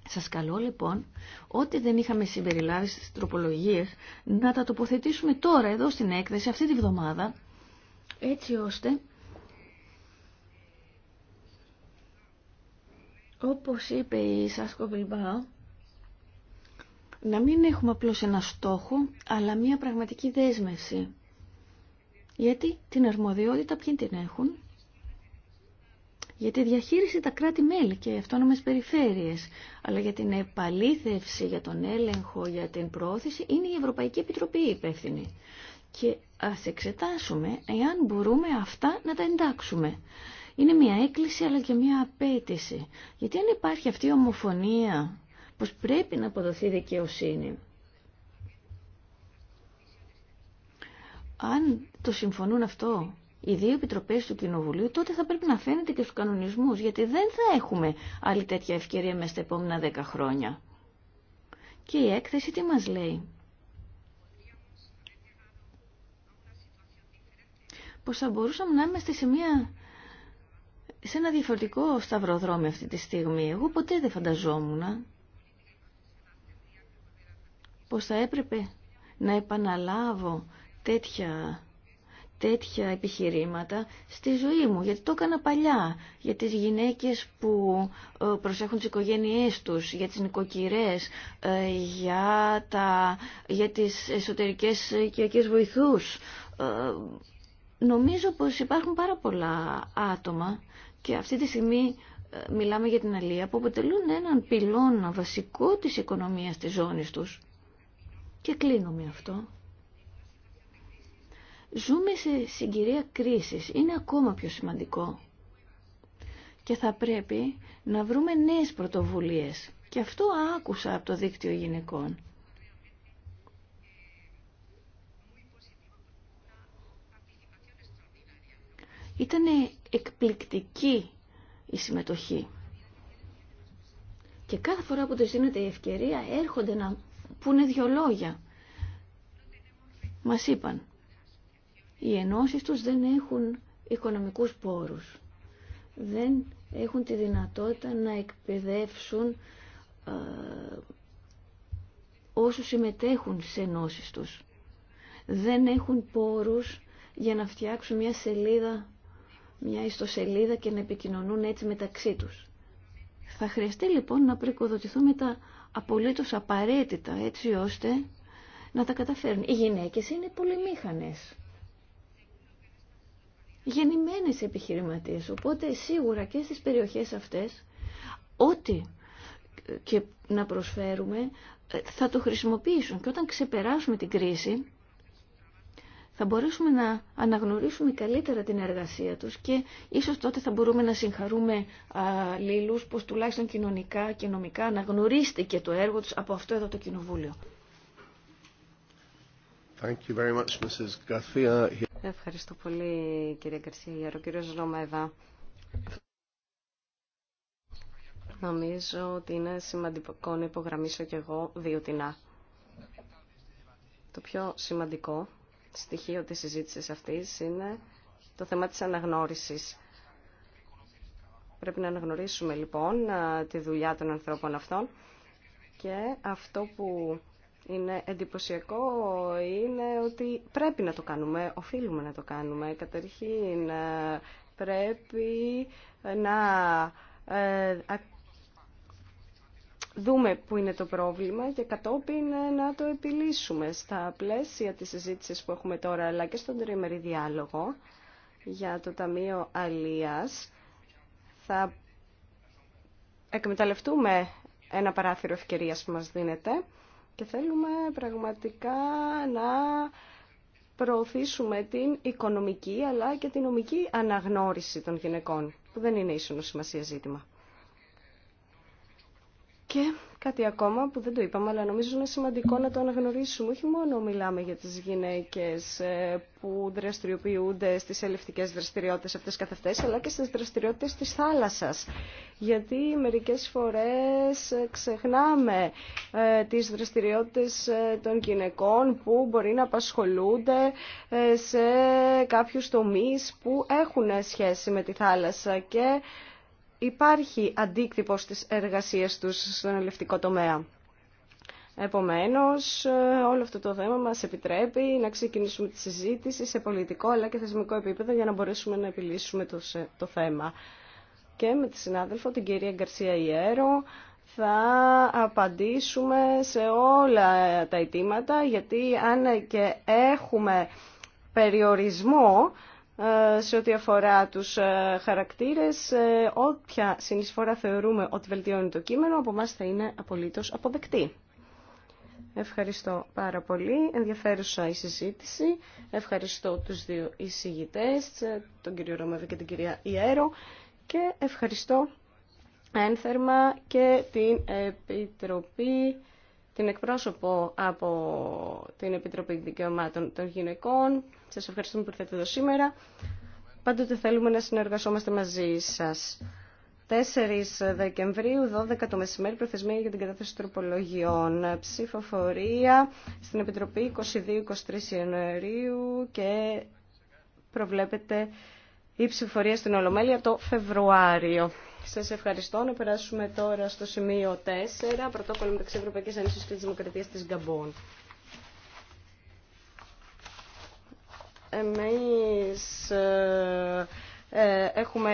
Speaker 2: Σας καλώ λοιπόν, ό,τι δεν είχαμε συμπεριλάβει στις τροπολογίες, να τα τοποθετήσουμε τώρα εδώ στην έκθεση αυτή τη βδομάδα, έτσι ώστε, όπως είπε η Σάσκο Βιλμπάου, να μην έχουμε απλώς ένα στόχο, αλλά μια πραγματική δέσμευση. Γιατί την αρμοδιότητα ποιοι την έχουν. Για τη διαχείριση τα κράτη-μέλη και αυτόνομες περιφέρειες, αλλά για την επαλήθευση, για τον έλεγχο, για την πρόθεση είναι η Ευρωπαϊκή Επιτροπή υπεύθυνη. Και ας εξετάσουμε εάν μπορούμε αυτά να τα εντάξουμε. Είναι μια έκκληση αλλά και μια απέτηση. Γιατί αν υπάρχει αυτή η ομοφωνία πως πρέπει να αποδοθεί δικαιοσύνη. Αν το συμφωνούν αυτό οι δύο επιτροπές του Κοινοβουλίου, τότε θα πρέπει να φαίνεται και στους κανονισμούς, γιατί δεν θα έχουμε άλλη τέτοια ευκαιρία μέσα στα επόμενα δέκα χρόνια. Και η έκθεση τι μας λέει. Πως θα μπορούσαμε να είμαστε σε, μια... σε ένα διαφορετικό σταυροδρόμι αυτή τη στιγμή. Εγώ ποτέ δεν φανταζόμουν πως θα έπρεπε να επαναλάβω τέτοια τέτοια επιχειρήματα στη ζωή μου, γιατί το έκανα παλιά, για τις γυναίκες που ε, προσέχουν τις οικογένειές τους, για τις νοικοκυρές, ε, για, τα, για τις εσωτερικές οικιακές βοηθούς. Ε, νομίζω πως υπάρχουν πάρα πολλά άτομα και αυτή τη στιγμή μιλάμε για την αλία που αποτελούν έναν πυλώνα βασικό της οικονομίας της ζώνης τους. Και κλείνω με αυτό. Ζούμε σε συγκυρία κρίσης. Είναι ακόμα πιο σημαντικό. Και θα πρέπει να βρούμε νέες πρωτοβουλίες. Και αυτό άκουσα από το δίκτυο γυναικών. Ήταν εκπληκτική η συμμετοχή. Και κάθε φορά που τους δίνεται η ευκαιρία έρχονται να που είναι δυο λόγια. Μας είπαν, οι ενώσεις τους δεν έχουν οικονομικούς πόρους. Δεν έχουν τη δυνατότητα να εκπαιδεύσουν ε, όσους συμμετέχουν σε ενώσεις τους. Δεν έχουν πόρους για να φτιάξουν μια σελίδα, μια ιστοσελίδα και να επικοινωνούν έτσι μεταξύ τους. Θα χρειαστεί λοιπόν να πρικοδοτηθούμε τα απολύτως απαραίτητα έτσι ώστε να τα καταφέρουν. Οι γυναίκες είναι πολυμήχανες. Γεννημένες επιχειρηματίες. Οπότε σίγουρα και στις περιοχές αυτές ό,τι και να προσφέρουμε ε, θα το χρησιμοποιήσουν. Και όταν ξεπεράσουμε την κρίση θα μπορέσουμε να αναγνωρίσουμε καλύτερα την εργασία τους και ίσως τότε θα μπορούμε να συγχαρούμε λίλους πως τουλάχιστον κοινωνικά και νομικά
Speaker 1: αναγνωρίστηκε το έργο τους από αυτό εδώ το Κοινοβούλιο. Thank you Ευχαριστώ πολύ κύριε Γκαρσία. Ο κύριος Νομίζω ότι είναι σημαντικό να υπογραμμίσω κι εγώ δύο Το πιο σημαντικό στοιχείο της συζήτησης αυτής είναι το θέμα της αναγνώρισης. Πρέπει να αναγνωρίσουμε λοιπόν τη δουλειά των ανθρώπων αυτών και αυτό που είναι εντυπωσιακό είναι ότι πρέπει να το κάνουμε, οφείλουμε να το κάνουμε. Καταρχήν πρέπει να ε, δούμε που είναι το πρόβλημα και κατόπιν να το επιλύσουμε στα πλαίσια της συζήτηση που έχουμε τώρα αλλά και στον τριμερή διάλογο για το Ταμείο Αλίας θα εκμεταλλευτούμε ένα παράθυρο ευκαιρίας που μας δίνεται και θέλουμε πραγματικά να προωθήσουμε την οικονομική αλλά και την νομική αναγνώριση των γυναικών που δεν είναι ίσονο σημασία ζήτημα. Και κάτι ακόμα που δεν το είπαμε, αλλά νομίζω είναι σημαντικό να το αναγνωρίσουμε. Όχι μόνο μιλάμε για τις γυναίκες ε, που δραστηριοποιούνται στις ελευτικέ δραστηριότητες αυτές καθ' αλλά και στις δραστηριότητες της θάλασσας. Γιατί μερικές φορές ε, ξεχνάμε ε, τις δραστηριότητες των γυναικών που μπορεί να απασχολούνται σε κάποιους τομείς που έχουν σχέση με τη θάλασσα και υπάρχει αντίκτυπο στις εργασίες τους στον ελευτικό τομέα. Επομένως, ε, όλο αυτό το θέμα μας επιτρέπει να ξεκινήσουμε τη συζήτηση σε πολιτικό αλλά και θεσμικό επίπεδο για να μπορέσουμε να επιλύσουμε το, το θέμα. Και με τη συνάδελφο, την κυρία Γκαρσία Ιέρο, θα απαντήσουμε σε όλα τα αιτήματα, γιατί αν και έχουμε περιορισμό ε, σε ό,τι αφορά τους ε, χαρακτήρες. Ε, όποια συνεισφορά θεωρούμε ότι βελτιώνει το κείμενο, από εμάς θα είναι απολύτως αποδεκτή. Ευχαριστώ πάρα πολύ. Ενδιαφέρουσα η συζήτηση. Ευχαριστώ τους δύο εισηγητές, τον κύριο Ρωμαβή και την κυρία Ιέρο. Και ευχαριστώ ένθερμα και την Επιτροπή την εκπρόσωπο από την Επιτροπή Δικαιωμάτων των Γυναικών. Σας ευχαριστούμε που ήρθατε εδώ σήμερα. Πάντοτε θέλουμε να συνεργασόμαστε μαζί σας. 4 Δεκεμβρίου, 12 το μεσημέρι, προθεσμία για την κατάθεση τροπολογιών. Ψηφοφορία στην Επιτροπή 22-23 Ιανουαρίου και προβλέπεται η ψηφοφορία στην Ολομέλεια το Φεβρουάριο. Σας ευχαριστώ. Να περάσουμε τώρα στο σημείο 4, πρωτόκολλο μεταξύ Ευρωπαϊκής Ένωσης και της Δημοκρατίας της Γκαμπών. Εμείς ε, ε έχουμε